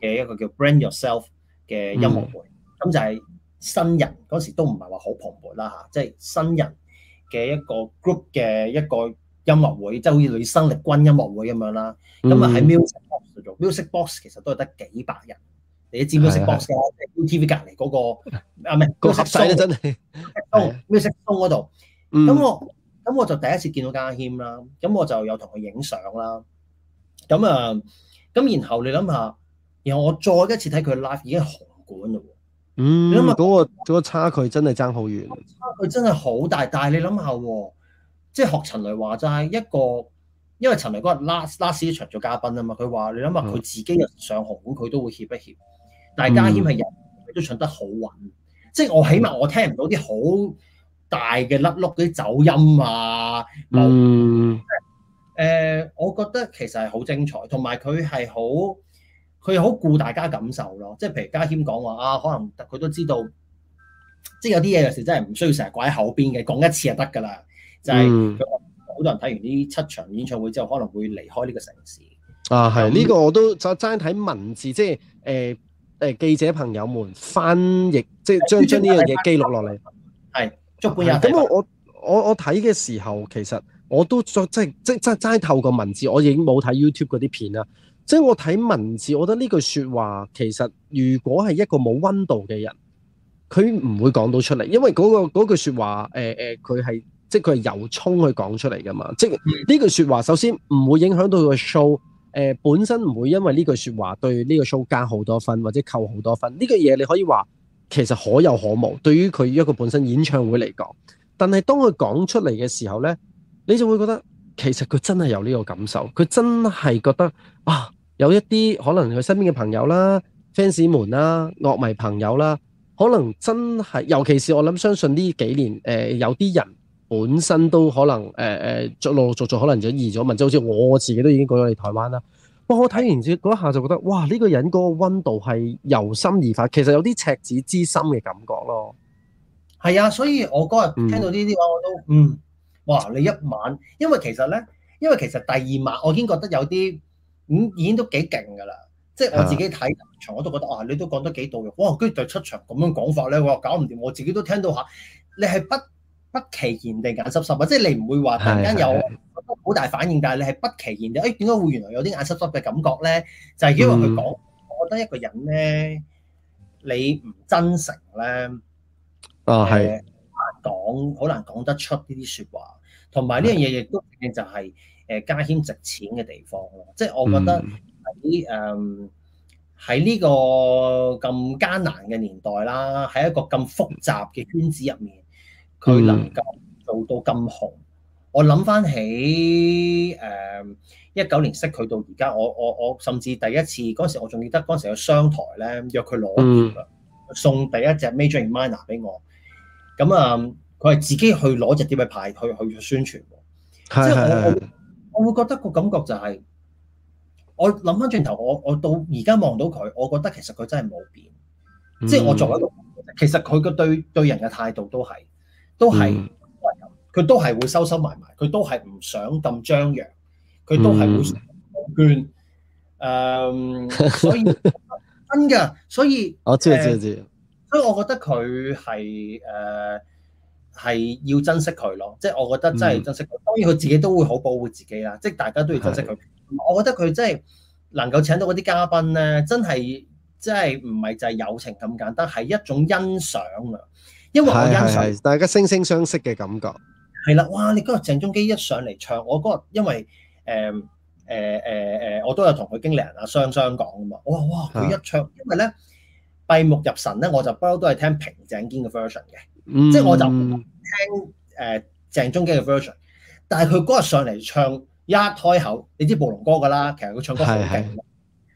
嘅一個叫 Brand Yourself 嘅音樂會，咁、嗯、就係新人嗰時都唔係話好蓬勃啦嚇，即、就、係、是、新人嘅一個 group 嘅一個。音樂會，即係好似女生力軍音樂會咁樣啦。咁啊喺 music box 度做，music box 其實都係得幾百人。你知 music box 嘅，即係用 TV 隔離嗰個啊，唔係嗰個 show 真係。music box 嗰度。咁我咁我就第一次見到家謙啦。咁我就有同佢影相啦。咁啊，咁然後你諗下，然後我再一次睇佢 live 已經紅館啦喎。嗯，你諗下嗰個嗰個差距真係爭好遠。差距真係好大，但係你諗下喎。即係學陳雷話齋一個，因為陳雷嗰日拉 s t 一場做嘉賓啊嘛。佢話你諗下，佢自己人上紅，佢都會協一協。但係嘉謙係人，嗯、他都唱得好穩。即係我起碼我聽唔到啲好大嘅甩碌嗰啲走音啊。音啊嗯、呃，我覺得其實係好精彩，同埋佢係好佢好顧大家感受咯。即係譬如嘉謙講話啊，可能佢都知道，即係有啲嘢有時真係唔需要成日掛喺口邊嘅，講一次就得㗎啦。就係好多人睇完呢七場演唱會之後，可能會離開呢個城市。啊，係呢、這個我都就齋睇文字，即係誒誒記者朋友們翻譯，即係將將呢樣嘢記錄落嚟。係咁、啊、我我我睇嘅時候，其實我都作即係即即係齋透過文字，我已經冇睇 YouTube 嗰啲片啦。即係我睇文字，我覺得呢句説話其實，如果係一個冇溫度嘅人，佢唔會講到出嚟，因為嗰句説話誒誒，佢、呃、係。呃他是即係佢係由衷去講出嚟㗎嘛？即係呢句說話，首先唔會影響到佢嘅 show、呃。本身唔會因為呢句說話對呢個 show 加好多分或者扣好多分。呢個嘢你可以話其實可有可無，對於佢一個本身演唱會嚟講。但係當佢講出嚟嘅時候呢，你就會覺得其實佢真係有呢個感受，佢真係覺得啊，有一啲可能佢身邊嘅朋友啦、fans 們啦、樂迷朋友啦，可能真係，尤其是我諗相信呢幾年、呃、有啲人。本身都可能誒誒，逐陸陸續續可能就移咗民，即係好似我自己都已經過咗嚟台灣啦。哇、哦！我睇完嗰嗰一下就覺得，哇！呢、這個人嗰個溫度係由心而發，其實有啲赤子之心嘅感覺咯。係啊，所以我嗰日聽到呢啲話，嗯、我都嗯哇！你一晚，因為其實咧，因為其實第二晚我已經覺得有啲嗯已經都幾勁噶啦。即係我自己睇場我都覺得，啊，你都講得幾到嘅。」哇！跟住就出場咁樣講法咧，我搞唔掂。我自己都聽到下，你係不不期然地眼濕濕啊！即係你唔會話突然間有好大反應，是是但係你係不期然地誒，點解會原來有啲眼濕濕嘅感覺咧？就係、是、因為佢講，嗯、我覺得一個人咧，你唔真誠咧，啊，難講好難講得出呢啲説話，同埋呢樣嘢亦都正就係誒家謙值錢嘅地方咯。即係我覺得喺誒喺呢個咁艱難嘅年代啦，喺一個咁複雜嘅圈子入面。佢能夠做到咁紅，嗯、我諗翻起誒一九年識佢到而家，我我我甚至第一次嗰時，我仲記得嗰時有商台咧約佢攞、嗯、送第一隻 major and minor 俾我。咁啊，佢、嗯、係自己去攞隻碟去派去去，去宣傳。即係是的 我，我，我會覺會覺得個感覺就係、是、我諗翻轉頭，我我到而家望到佢，我覺得其實佢真係冇變。即係、嗯、我作為一個，其實佢嘅對對人嘅態度都係。都係佢、嗯、都係會收收埋埋，佢都係唔想咁張揚，佢都係會想捐。誒，所以真嘅，所以我知知知。所以、呃、我覺得佢係誒係要珍惜佢咯，即、就、係、是、我覺得真係珍惜佢。嗯、當然佢自己都會好保護自己啦，即、就、係、是、大家都要珍惜佢。是的 我覺得佢真係能夠請到嗰啲嘉賓咧，真係真係唔係就係友情咁簡單，係一種欣賞啊！因為我欣賞是是是大家惺惺相惜嘅感覺。係啦，哇！你嗰日鄭中基一上嚟唱，我嗰日因為誒誒誒誒，我都有同佢經理人阿雙雙講啊嘛。我話哇，佢一唱，啊、因為咧閉目入神咧，我就不嬲都係聽平井堅嘅 version 嘅，嗯、即係我就唔聽誒鄭中基嘅 version。但係佢嗰日上嚟唱一開口，你知暴龍哥噶啦，其實佢唱歌好勁。是是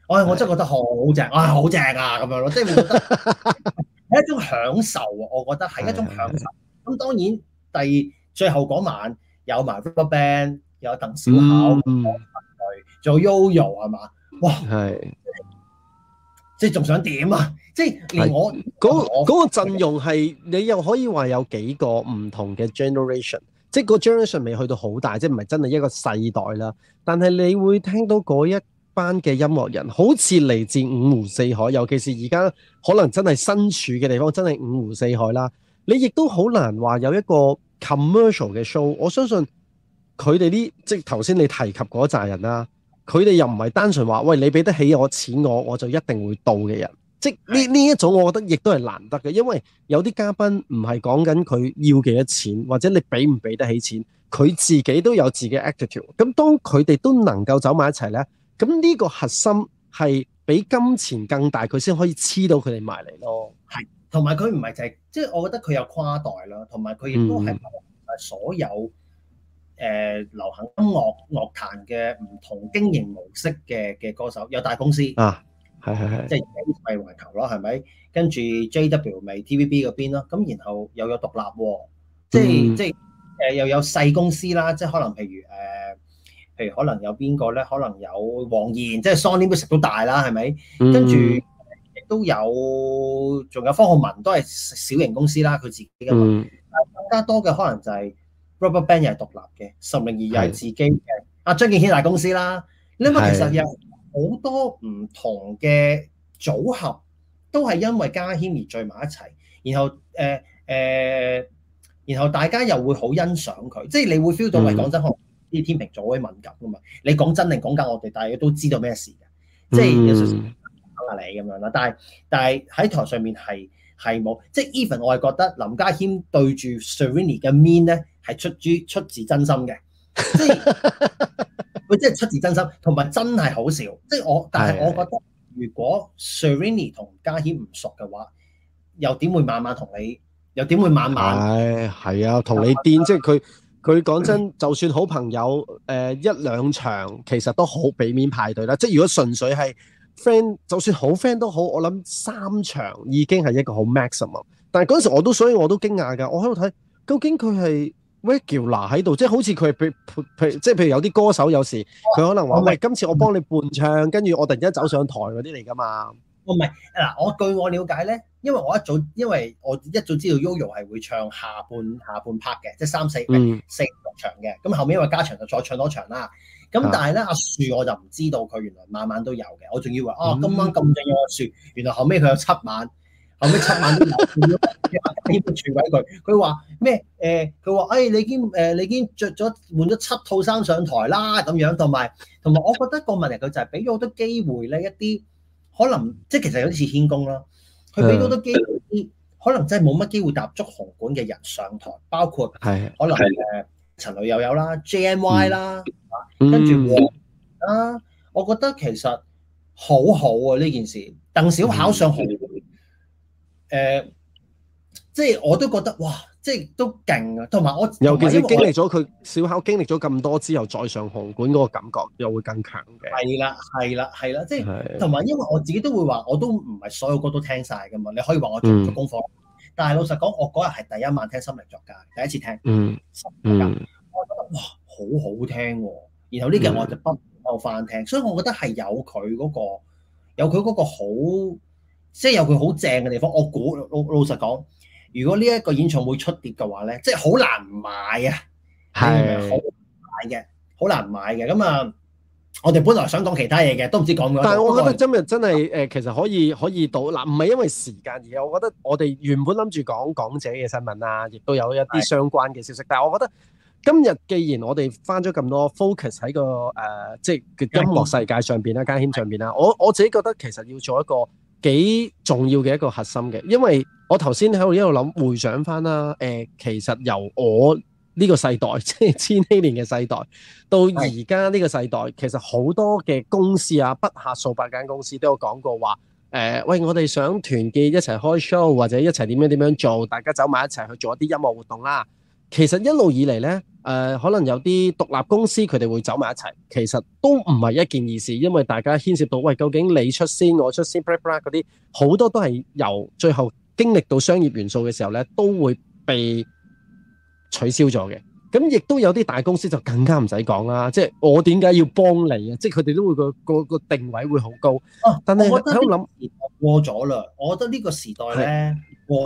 哎，我真係覺得好正，哎的，好正啊咁、啊、樣咯，即係覺得。 係一種享受啊！我覺得係一種享受。咁的當然，第最後嗰晚有埋 RubberBand，有鄧小巧，仲、嗯、有 Yoyo 係嘛？哇！係的，即係仲想點啊？即係我嗰嗰個陣容係，你又可以話有幾個唔同嘅 generation。即係個 generation 未去到好大，即係唔係真係一個世代啦。但係你會聽到嗰一班嘅音樂人好似嚟自五湖四海，尤其是而家可能真係身處嘅地方真係五湖四海啦。你亦都好難話有一個 commercial 嘅 show。我相信佢哋啲即係頭先你提及嗰扎人啦，佢哋又唔係單純話喂你俾得起我錢我，我我就一定會到嘅人。即係呢呢一種，我覺得亦都係難得嘅，因為有啲嘉賓唔係講緊佢要幾多錢，或者你俾唔俾得起錢，佢自己都有自己 active。咁當佢哋都能夠走埋一齊呢。咁呢個核心係比金錢更大，佢先可以黐到佢哋埋嚟咯。係、哦，同埋佢唔係就係，即係我覺得佢有跨代啦，同埋佢亦都係所有誒流、嗯呃、行音樂樂壇嘅唔同經營模式嘅嘅歌手，有大公司啊，係係係，即係大環球咯，係咪？跟住 JW 咪 TVB 嗰邊咯，咁然後又有獨立、啊，即係、嗯、即係誒、呃、又有細公司啦，即係可能譬如誒。呃譬如可能有邊個咧？可能有黃妍，即係 Sony 都食到大啦，係咪？嗯、跟住亦都有，仲有方浩文都係小型公司啦，佢自己嘅。嘛、嗯，更加多嘅可能就係 RubberBand 又係獨立嘅，十零二又係自己嘅。阿的、啊、張敬軒大公司啦。係的。因為其實有好多唔同嘅組合，都係因為家謙而聚埋一齊，然後誒誒、呃呃，然後大家又會好欣賞佢，即係你會 feel 到，喂、嗯，講真，我。啲天秤座好敏感噶嘛？你講真定講假我，我哋大家都知道咩事嘅、嗯，即係有時耍下你咁樣啦。但係但係喺台上面係係冇，即係 even 我係覺得林家謙對住 Serrini 嘅面咧係出於出自真心嘅，即係佢真係出自真心，同埋真係好笑。即係我，但係我覺得的如果 Serrini 同家謙唔熟嘅話，又點會晚晚同你，又點會晚晚？係係啊，同你癲即係佢。為佢講真，就算好朋友，誒一兩場其實都好俾面派對啦。即如果純粹係 friend，就算好 friend 都好，我諗三場已經係一個好 maximum。但係嗰陣時我都，所以我都驚訝㗎。我喺度睇究竟佢係 regular 喺度，即好似佢係譬譬即譬如有啲歌手，有時佢可能話喂，今次我幫你伴唱，跟住我突然間走上台嗰啲嚟㗎嘛。唔係嗱，我據我了解咧。因為我一早，因為我一早知道 Yoyo 係會唱下半下半 part 嘅，即係三、mm hmm. 四四場嘅。咁後尾因為加場就再唱多場啦。咁但係咧，阿樹我就唔知道佢原來晚晚都有嘅。我仲以為哦、啊，今晚咁重要阿樹，原來後尾佢有七晚。後尾七晚都傳俾佢。佢話咩？誒，佢話誒，你已經誒，你已經着咗換咗七套衫上台啦。咁樣同埋同埋，我覺得個問題佢就係俾咗好多機會咧，一啲可能即係其實有啲似謙公啦。佢俾到多機會啲，嗯、可能真係冇乜機會踏足紅館嘅人上台，包括係可能誒、呃、陳蕾又有啦 JMY 啦，嗯、跟住黃、嗯、我覺得其實好好啊呢件事，嗯、鄧小巧上紅館，誒、嗯，即係、呃就是、我都覺得哇！即係都勁啊！同埋我尤其是經歷咗佢小考經歷咗咁多之後，再上紅館嗰個感覺又會更強嘅。係啦，係啦，係啦，即係同埋因為我自己都會話，我都唔係所有歌都聽晒㗎嘛。你可以話我做唔做功課，嗯、但係老實講，我嗰日係第一晚聽《心靈作家》，第一次聽《心靈作家》嗯，我覺得哇，好好聽喎、啊。然後呢幾日我就不斷收翻聽，嗯、所以我覺得係有佢嗰、那個，有佢嗰個好，即、就、係、是、有佢好正嘅地方。我估老老實講。如果呢一個演唱會出碟嘅話咧，即係好難，嗯、難買啊，係好難買嘅，好難買嘅。咁啊，我哋本來想講其他嘢嘅，都唔知講咗。但係我覺得今日真係誒、啊呃，其實可以可以到嗱，唔係因為時間而係，我覺得我哋原本諗住講港姐嘅新聞啊，亦都有一啲相關嘅消息。是的 但係我覺得今日既然我哋翻咗咁多 focus 喺個誒、呃，即係嘅音樂世界上邊啦、的家謙上邊啦，我我自己覺得其實要做一個幾重要嘅一個核心嘅，因為。我頭先喺度一路諗回想翻啦，誒、呃，其實由我呢個世代，即 係千禧年嘅世代，到而家呢個世代，其實好多嘅公司啊，不下數百間公司都有講過話，誒、呃，喂，我哋想團結一齊開 show，或者一齊點樣點樣做，大家走埋一齊去做一啲音樂活動啦。其實一路以嚟呢，誒、呃，可能有啲獨立公司佢哋會走埋一齊，其實都唔係一件易事，因為大家牽涉到，喂，究竟你出先，我出先，嗰啲好多都係由最後。經歷到商業元素嘅時候呢，都會被取消咗嘅。咁亦都有啲大公司就更加唔使講啦。即係我點解要幫你啊？ 即係佢哋都會個，個定位會好高。但係我度諗過咗啦。我覺得呢個時代呢，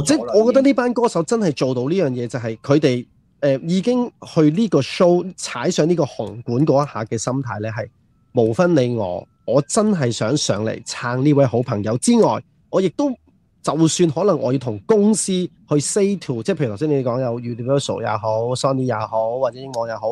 即我覺得呢班歌手真係做到呢樣嘢，就係佢哋誒已經去呢個 show 踩上呢個紅館嗰一下嘅心態呢，係無分你我，我真係想上嚟撐呢位好朋友之外，我亦都。就算可能我要同公司去 say to 即係譬如頭先你講有 Universal 也好，Sony 也好，或者英皇也好，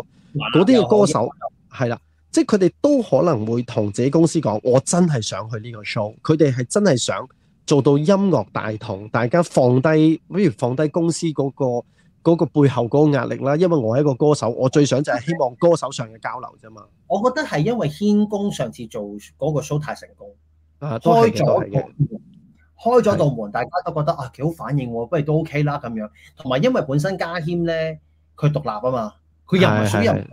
嗰啲嘅歌手係啦，即係佢哋都可能會同自己公司講，我真係想去呢個 show，佢哋係真係想做到音樂大同，大家放低，不如放低公司嗰、嗰個、嗰個背後嗰個壓力啦，因為我係一個歌手，我最想就係希望歌手上嘅交流啫嘛。我覺得係因為謙公上次做嗰個 show 太成功，多咗、啊開咗道門，大家都覺得啊，幾好反應喎，不如都 OK 啦咁樣。同埋因為本身家謙咧，佢獨立啊嘛，佢又唔係水人，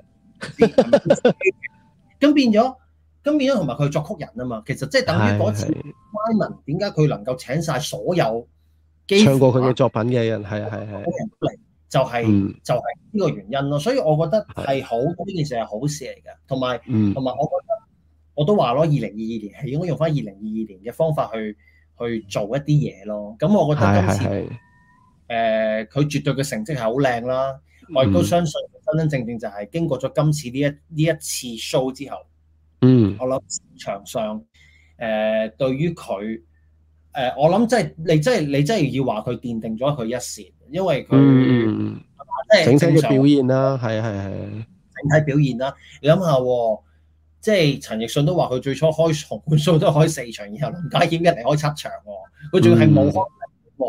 咁變咗，咁變咗同埋佢係作曲人啊嘛，其實即係等於嗰次關文點解佢能夠請晒所有唱過佢嘅作品嘅人，係啊係啊，就係就係呢個原因咯。所以我覺得係好呢件事係好事嚟㗎，同埋同埋我覺得我都話咯，二零二二年係應該用返二零二二年嘅方法去。去做一啲嘢咯，咁我覺得今次佢、呃、絕對嘅成績係好靚啦，嗯、我亦都相信真真正正就係經過咗今次呢一呢一次 show 之後，嗯，我諗場上誒、呃、對於佢誒我諗即係你真係你即係要話佢奠定咗佢一線，因為佢整體表現啦，係啊係係，整體表現啦，你諗下喎。呃即係陳奕迅都話佢最初開紅數都開四場，以後林家謙一嚟開七場喎，佢仲係冇開、嗯、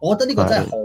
我覺得呢個真係好。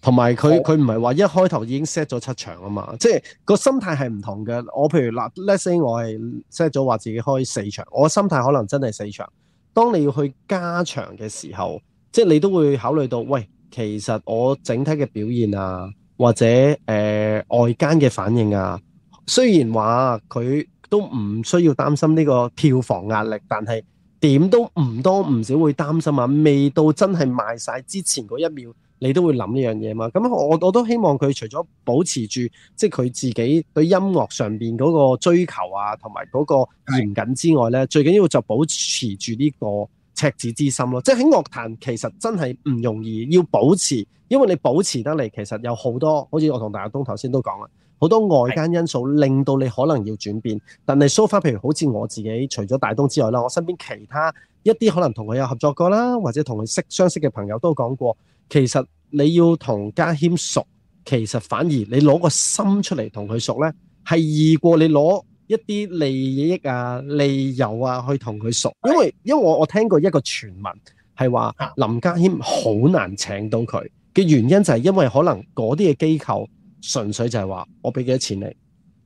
同埋佢佢唔係話一開頭已經 set 咗七場啊嘛，即、就、係、是、個心態係唔同嘅。我譬如嗱 let's say 我係 set 咗話自己開四場，我心態可能真係四場。當你要去加場嘅時候，即、就、係、是、你都會考慮到，喂，其實我整體嘅表現啊，或者、呃、外間嘅反應啊，雖然話佢，都唔需要擔心呢個票房壓力，但係點都唔多唔少會擔心啊！未到真係賣晒之前嗰一秒，你都會諗呢樣嘢嘛？咁我我都希望佢除咗保持住，即係佢自己對音樂上面嗰個追求啊，同埋嗰個嚴謹之外呢，是最緊要就保持住呢個赤子之心咯。即係喺樂壇其實真係唔容易要保持，因為你保持得嚟，其實有好多，好似我同大東頭先都講啦。好多外間因素令到你可能要轉變，但係 so far 譬如好似我自己，除咗大東之外啦，我身邊其他一啲可能同佢有合作過啦，或者同佢識相識嘅朋友都講過，其實你要同家謙熟，其實反而你攞個心出嚟同佢熟呢，係易過你攞一啲利益啊、利誘啊去同佢熟，因為因為我我聽過一個傳聞係話林家謙好難請到佢嘅原因就係因為可能嗰啲嘅機構。純粹就係話我俾幾多錢你，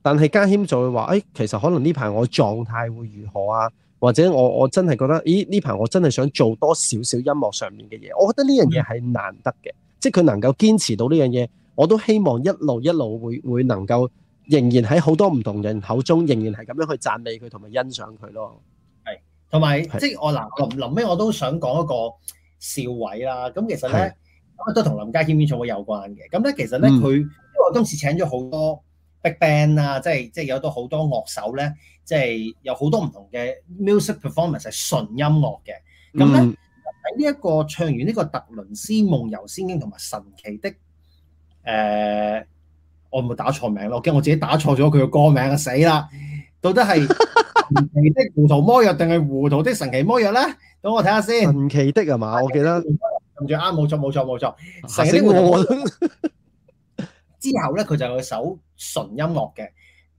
但係家謙就會話：誒、哎，其實可能呢排我狀態會如何啊？或者我我真係覺得，咦，呢排我真係想做多少少音樂上面嘅嘢。我覺得呢樣嘢係難得嘅，嗯、即係佢能夠堅持到呢樣嘢，我都希望一路一路會會能夠仍然喺好多唔同人口中，仍然係咁樣去讚美佢同埋欣賞佢咯。係，同埋即係我嗱臨尾我都想講一個笑位啦。咁其實呢，都同是林家謙嘅笑位有關嘅。咁呢，其實呢，佢、嗯。因為我當時請咗好多 big band 啊，即係即係有到好多樂手咧，即係有好多唔同嘅 music performance 係純音樂嘅。咁咧喺呢一個、嗯、唱完呢個《特倫斯夢遊仙境》同埋《神奇的》誒、呃，我唔會打錯名咯，驚我，我自己打錯咗佢嘅歌名啊，死啦！到底係《神奇的糊塗魔藥》定係《糊塗的神奇魔藥》咧？等我睇下先，《神奇的》係嘛？我記得，跟住啱，冇錯冇錯冇錯，成啲之後咧，佢就有首純音樂嘅。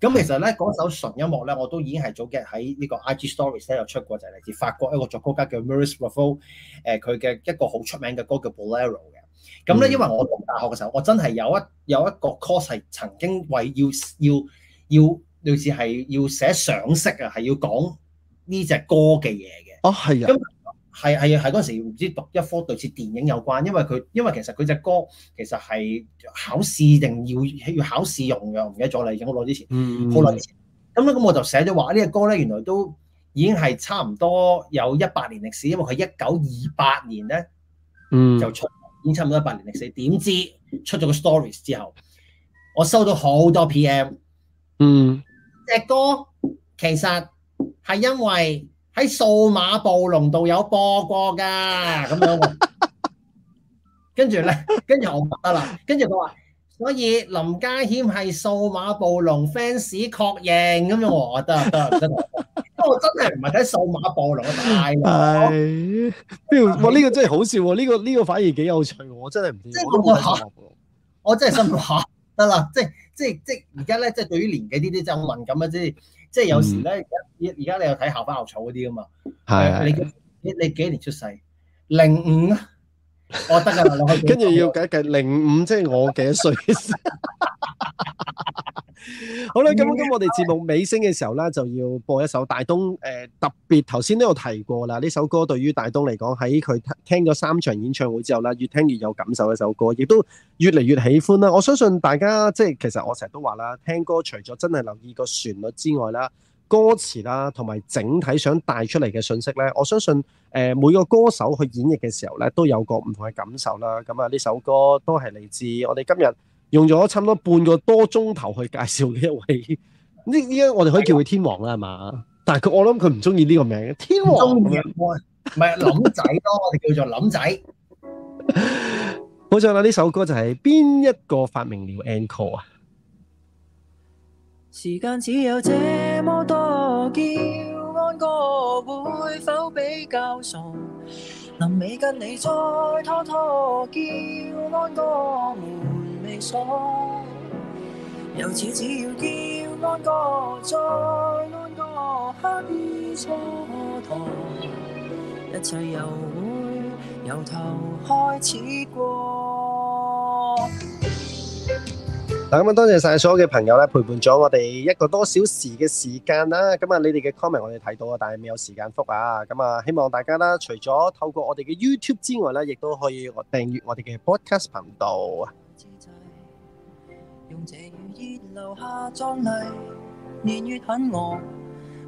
咁其實咧，嗰首純音樂咧，我都已經係早幾日喺呢個 I G Stories 咧有出過，就係嚟自法國一個作曲家叫 Maurice Ravel 誒，佢嘅一個好出名嘅歌叫 Bolero 嘅。咁咧，因為我讀大學嘅時候，我真係有一有一個 course 係曾經為要要要類似係要寫賞識啊，係要講呢隻歌嘅嘢嘅。哦，係啊。係係係嗰陣時唔知讀一科類似電影有關，因為佢因為其實佢隻歌其實係考試定要要考試用嘅，唔記得咗啦，好耐之前，好耐之前，咁咧，咁我就寫咗話呢隻歌咧原來都已經係差唔多有一百年歷史，因為佢一九二八年咧、嗯、就出，已經差唔多一百年歷史。點知出咗個 stories 之後，我收到好多 PM，嗯，隻歌其實係因為。喺《數碼暴龍》度有播過噶，咁樣 跟住呢，跟住咧，跟住我話得啦，跟住佢話，所以林家謙係《數碼暴龍》fans 確認咁樣我了，我得得得， 我真不過真係唔係睇《數碼暴龍》，太，不如我呢個真係好笑，呢、這個呢、這個反而幾有趣，我真係唔， 即係我真係心吓，得啦，即係即係即係而家咧，即係對於年紀呢啲爭論咁啊，即係。即係有時咧，而家、嗯、你又睇校花校草嗰啲啊嘛，你係啊 你幾年出世？零五啊，我得㗎，跟住要計一計零五，即係我幾歲？ 好啦，咁今我哋節目尾聲嘅時候呢，就要播一首大東誒，特別，頭先都有提過啦。呢首歌對於大東嚟講，喺佢聽咗三場演唱會之後呢，越聽越有感受。一首歌亦都越嚟越喜歡啦。我相信大家即係，其實我成日都話啦，聽歌除咗真係留意個旋律之外啦，歌詞啦，同埋整體想帶出嚟嘅信息呢，我相信誒，每個歌手去演繹嘅時候呢，都有個唔同嘅感受啦。咁啊，呢首歌都係嚟自我哋今日。用咗差唔多半個多鐘頭去介紹呢一位，呢依家我哋可以叫佢天王啦，係嘛的？但係佢，我諗佢唔中意呢個名，天王唔係林仔囉， 我哋叫做林仔。好在啦，呢首歌就係邊一個發明了 Encore 啊？時間只有這麼多，叫安哥會否比較熟？臨尾跟你再拖拖，叫安哥由此只要叫安哥，再安哥，不必蹉跎，一切又會由頭開始過。嗱，咁啊，多謝晒所有嘅朋友咧，陪伴咗我哋一個多小時嘅時間啦。咁啊，你哋嘅 comment 我哋睇到啊，但係未有時間覆啊。咁啊，希望大家咧，除咗透過我哋嘅 YouTube 之外咧，亦都可以訂閱我哋嘅 Podcast 頻道。用這餘熱留下壯麗，年月狠惡，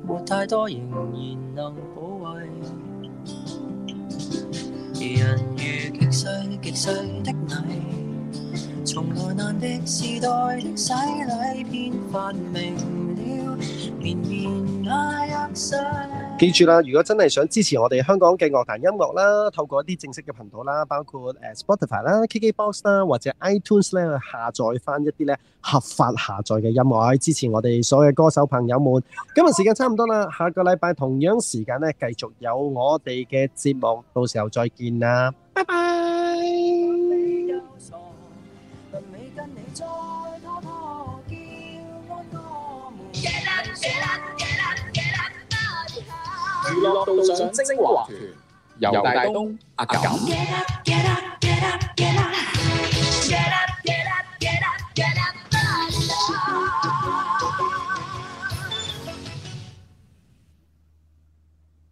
沒太多，仍然能保衛。人如極細極細的泥。從來難的時代，洗禮片發明，了明一記，記住啦，如果真係想支持我哋香港嘅樂壇音樂啦，透過一啲正式嘅頻道啦，包括誒 Spotify 啦、KKBox 啦或者 iTunes 咧，去下載翻一啲咧，合法下載嘅音樂，支持我哋所有歌手朋友們。今日時間差唔多啦，下個禮拜同樣時間咧，繼續有我哋嘅節目，到時候再見啦，拜拜。落到娛樂道上精華團，由大東阿錦。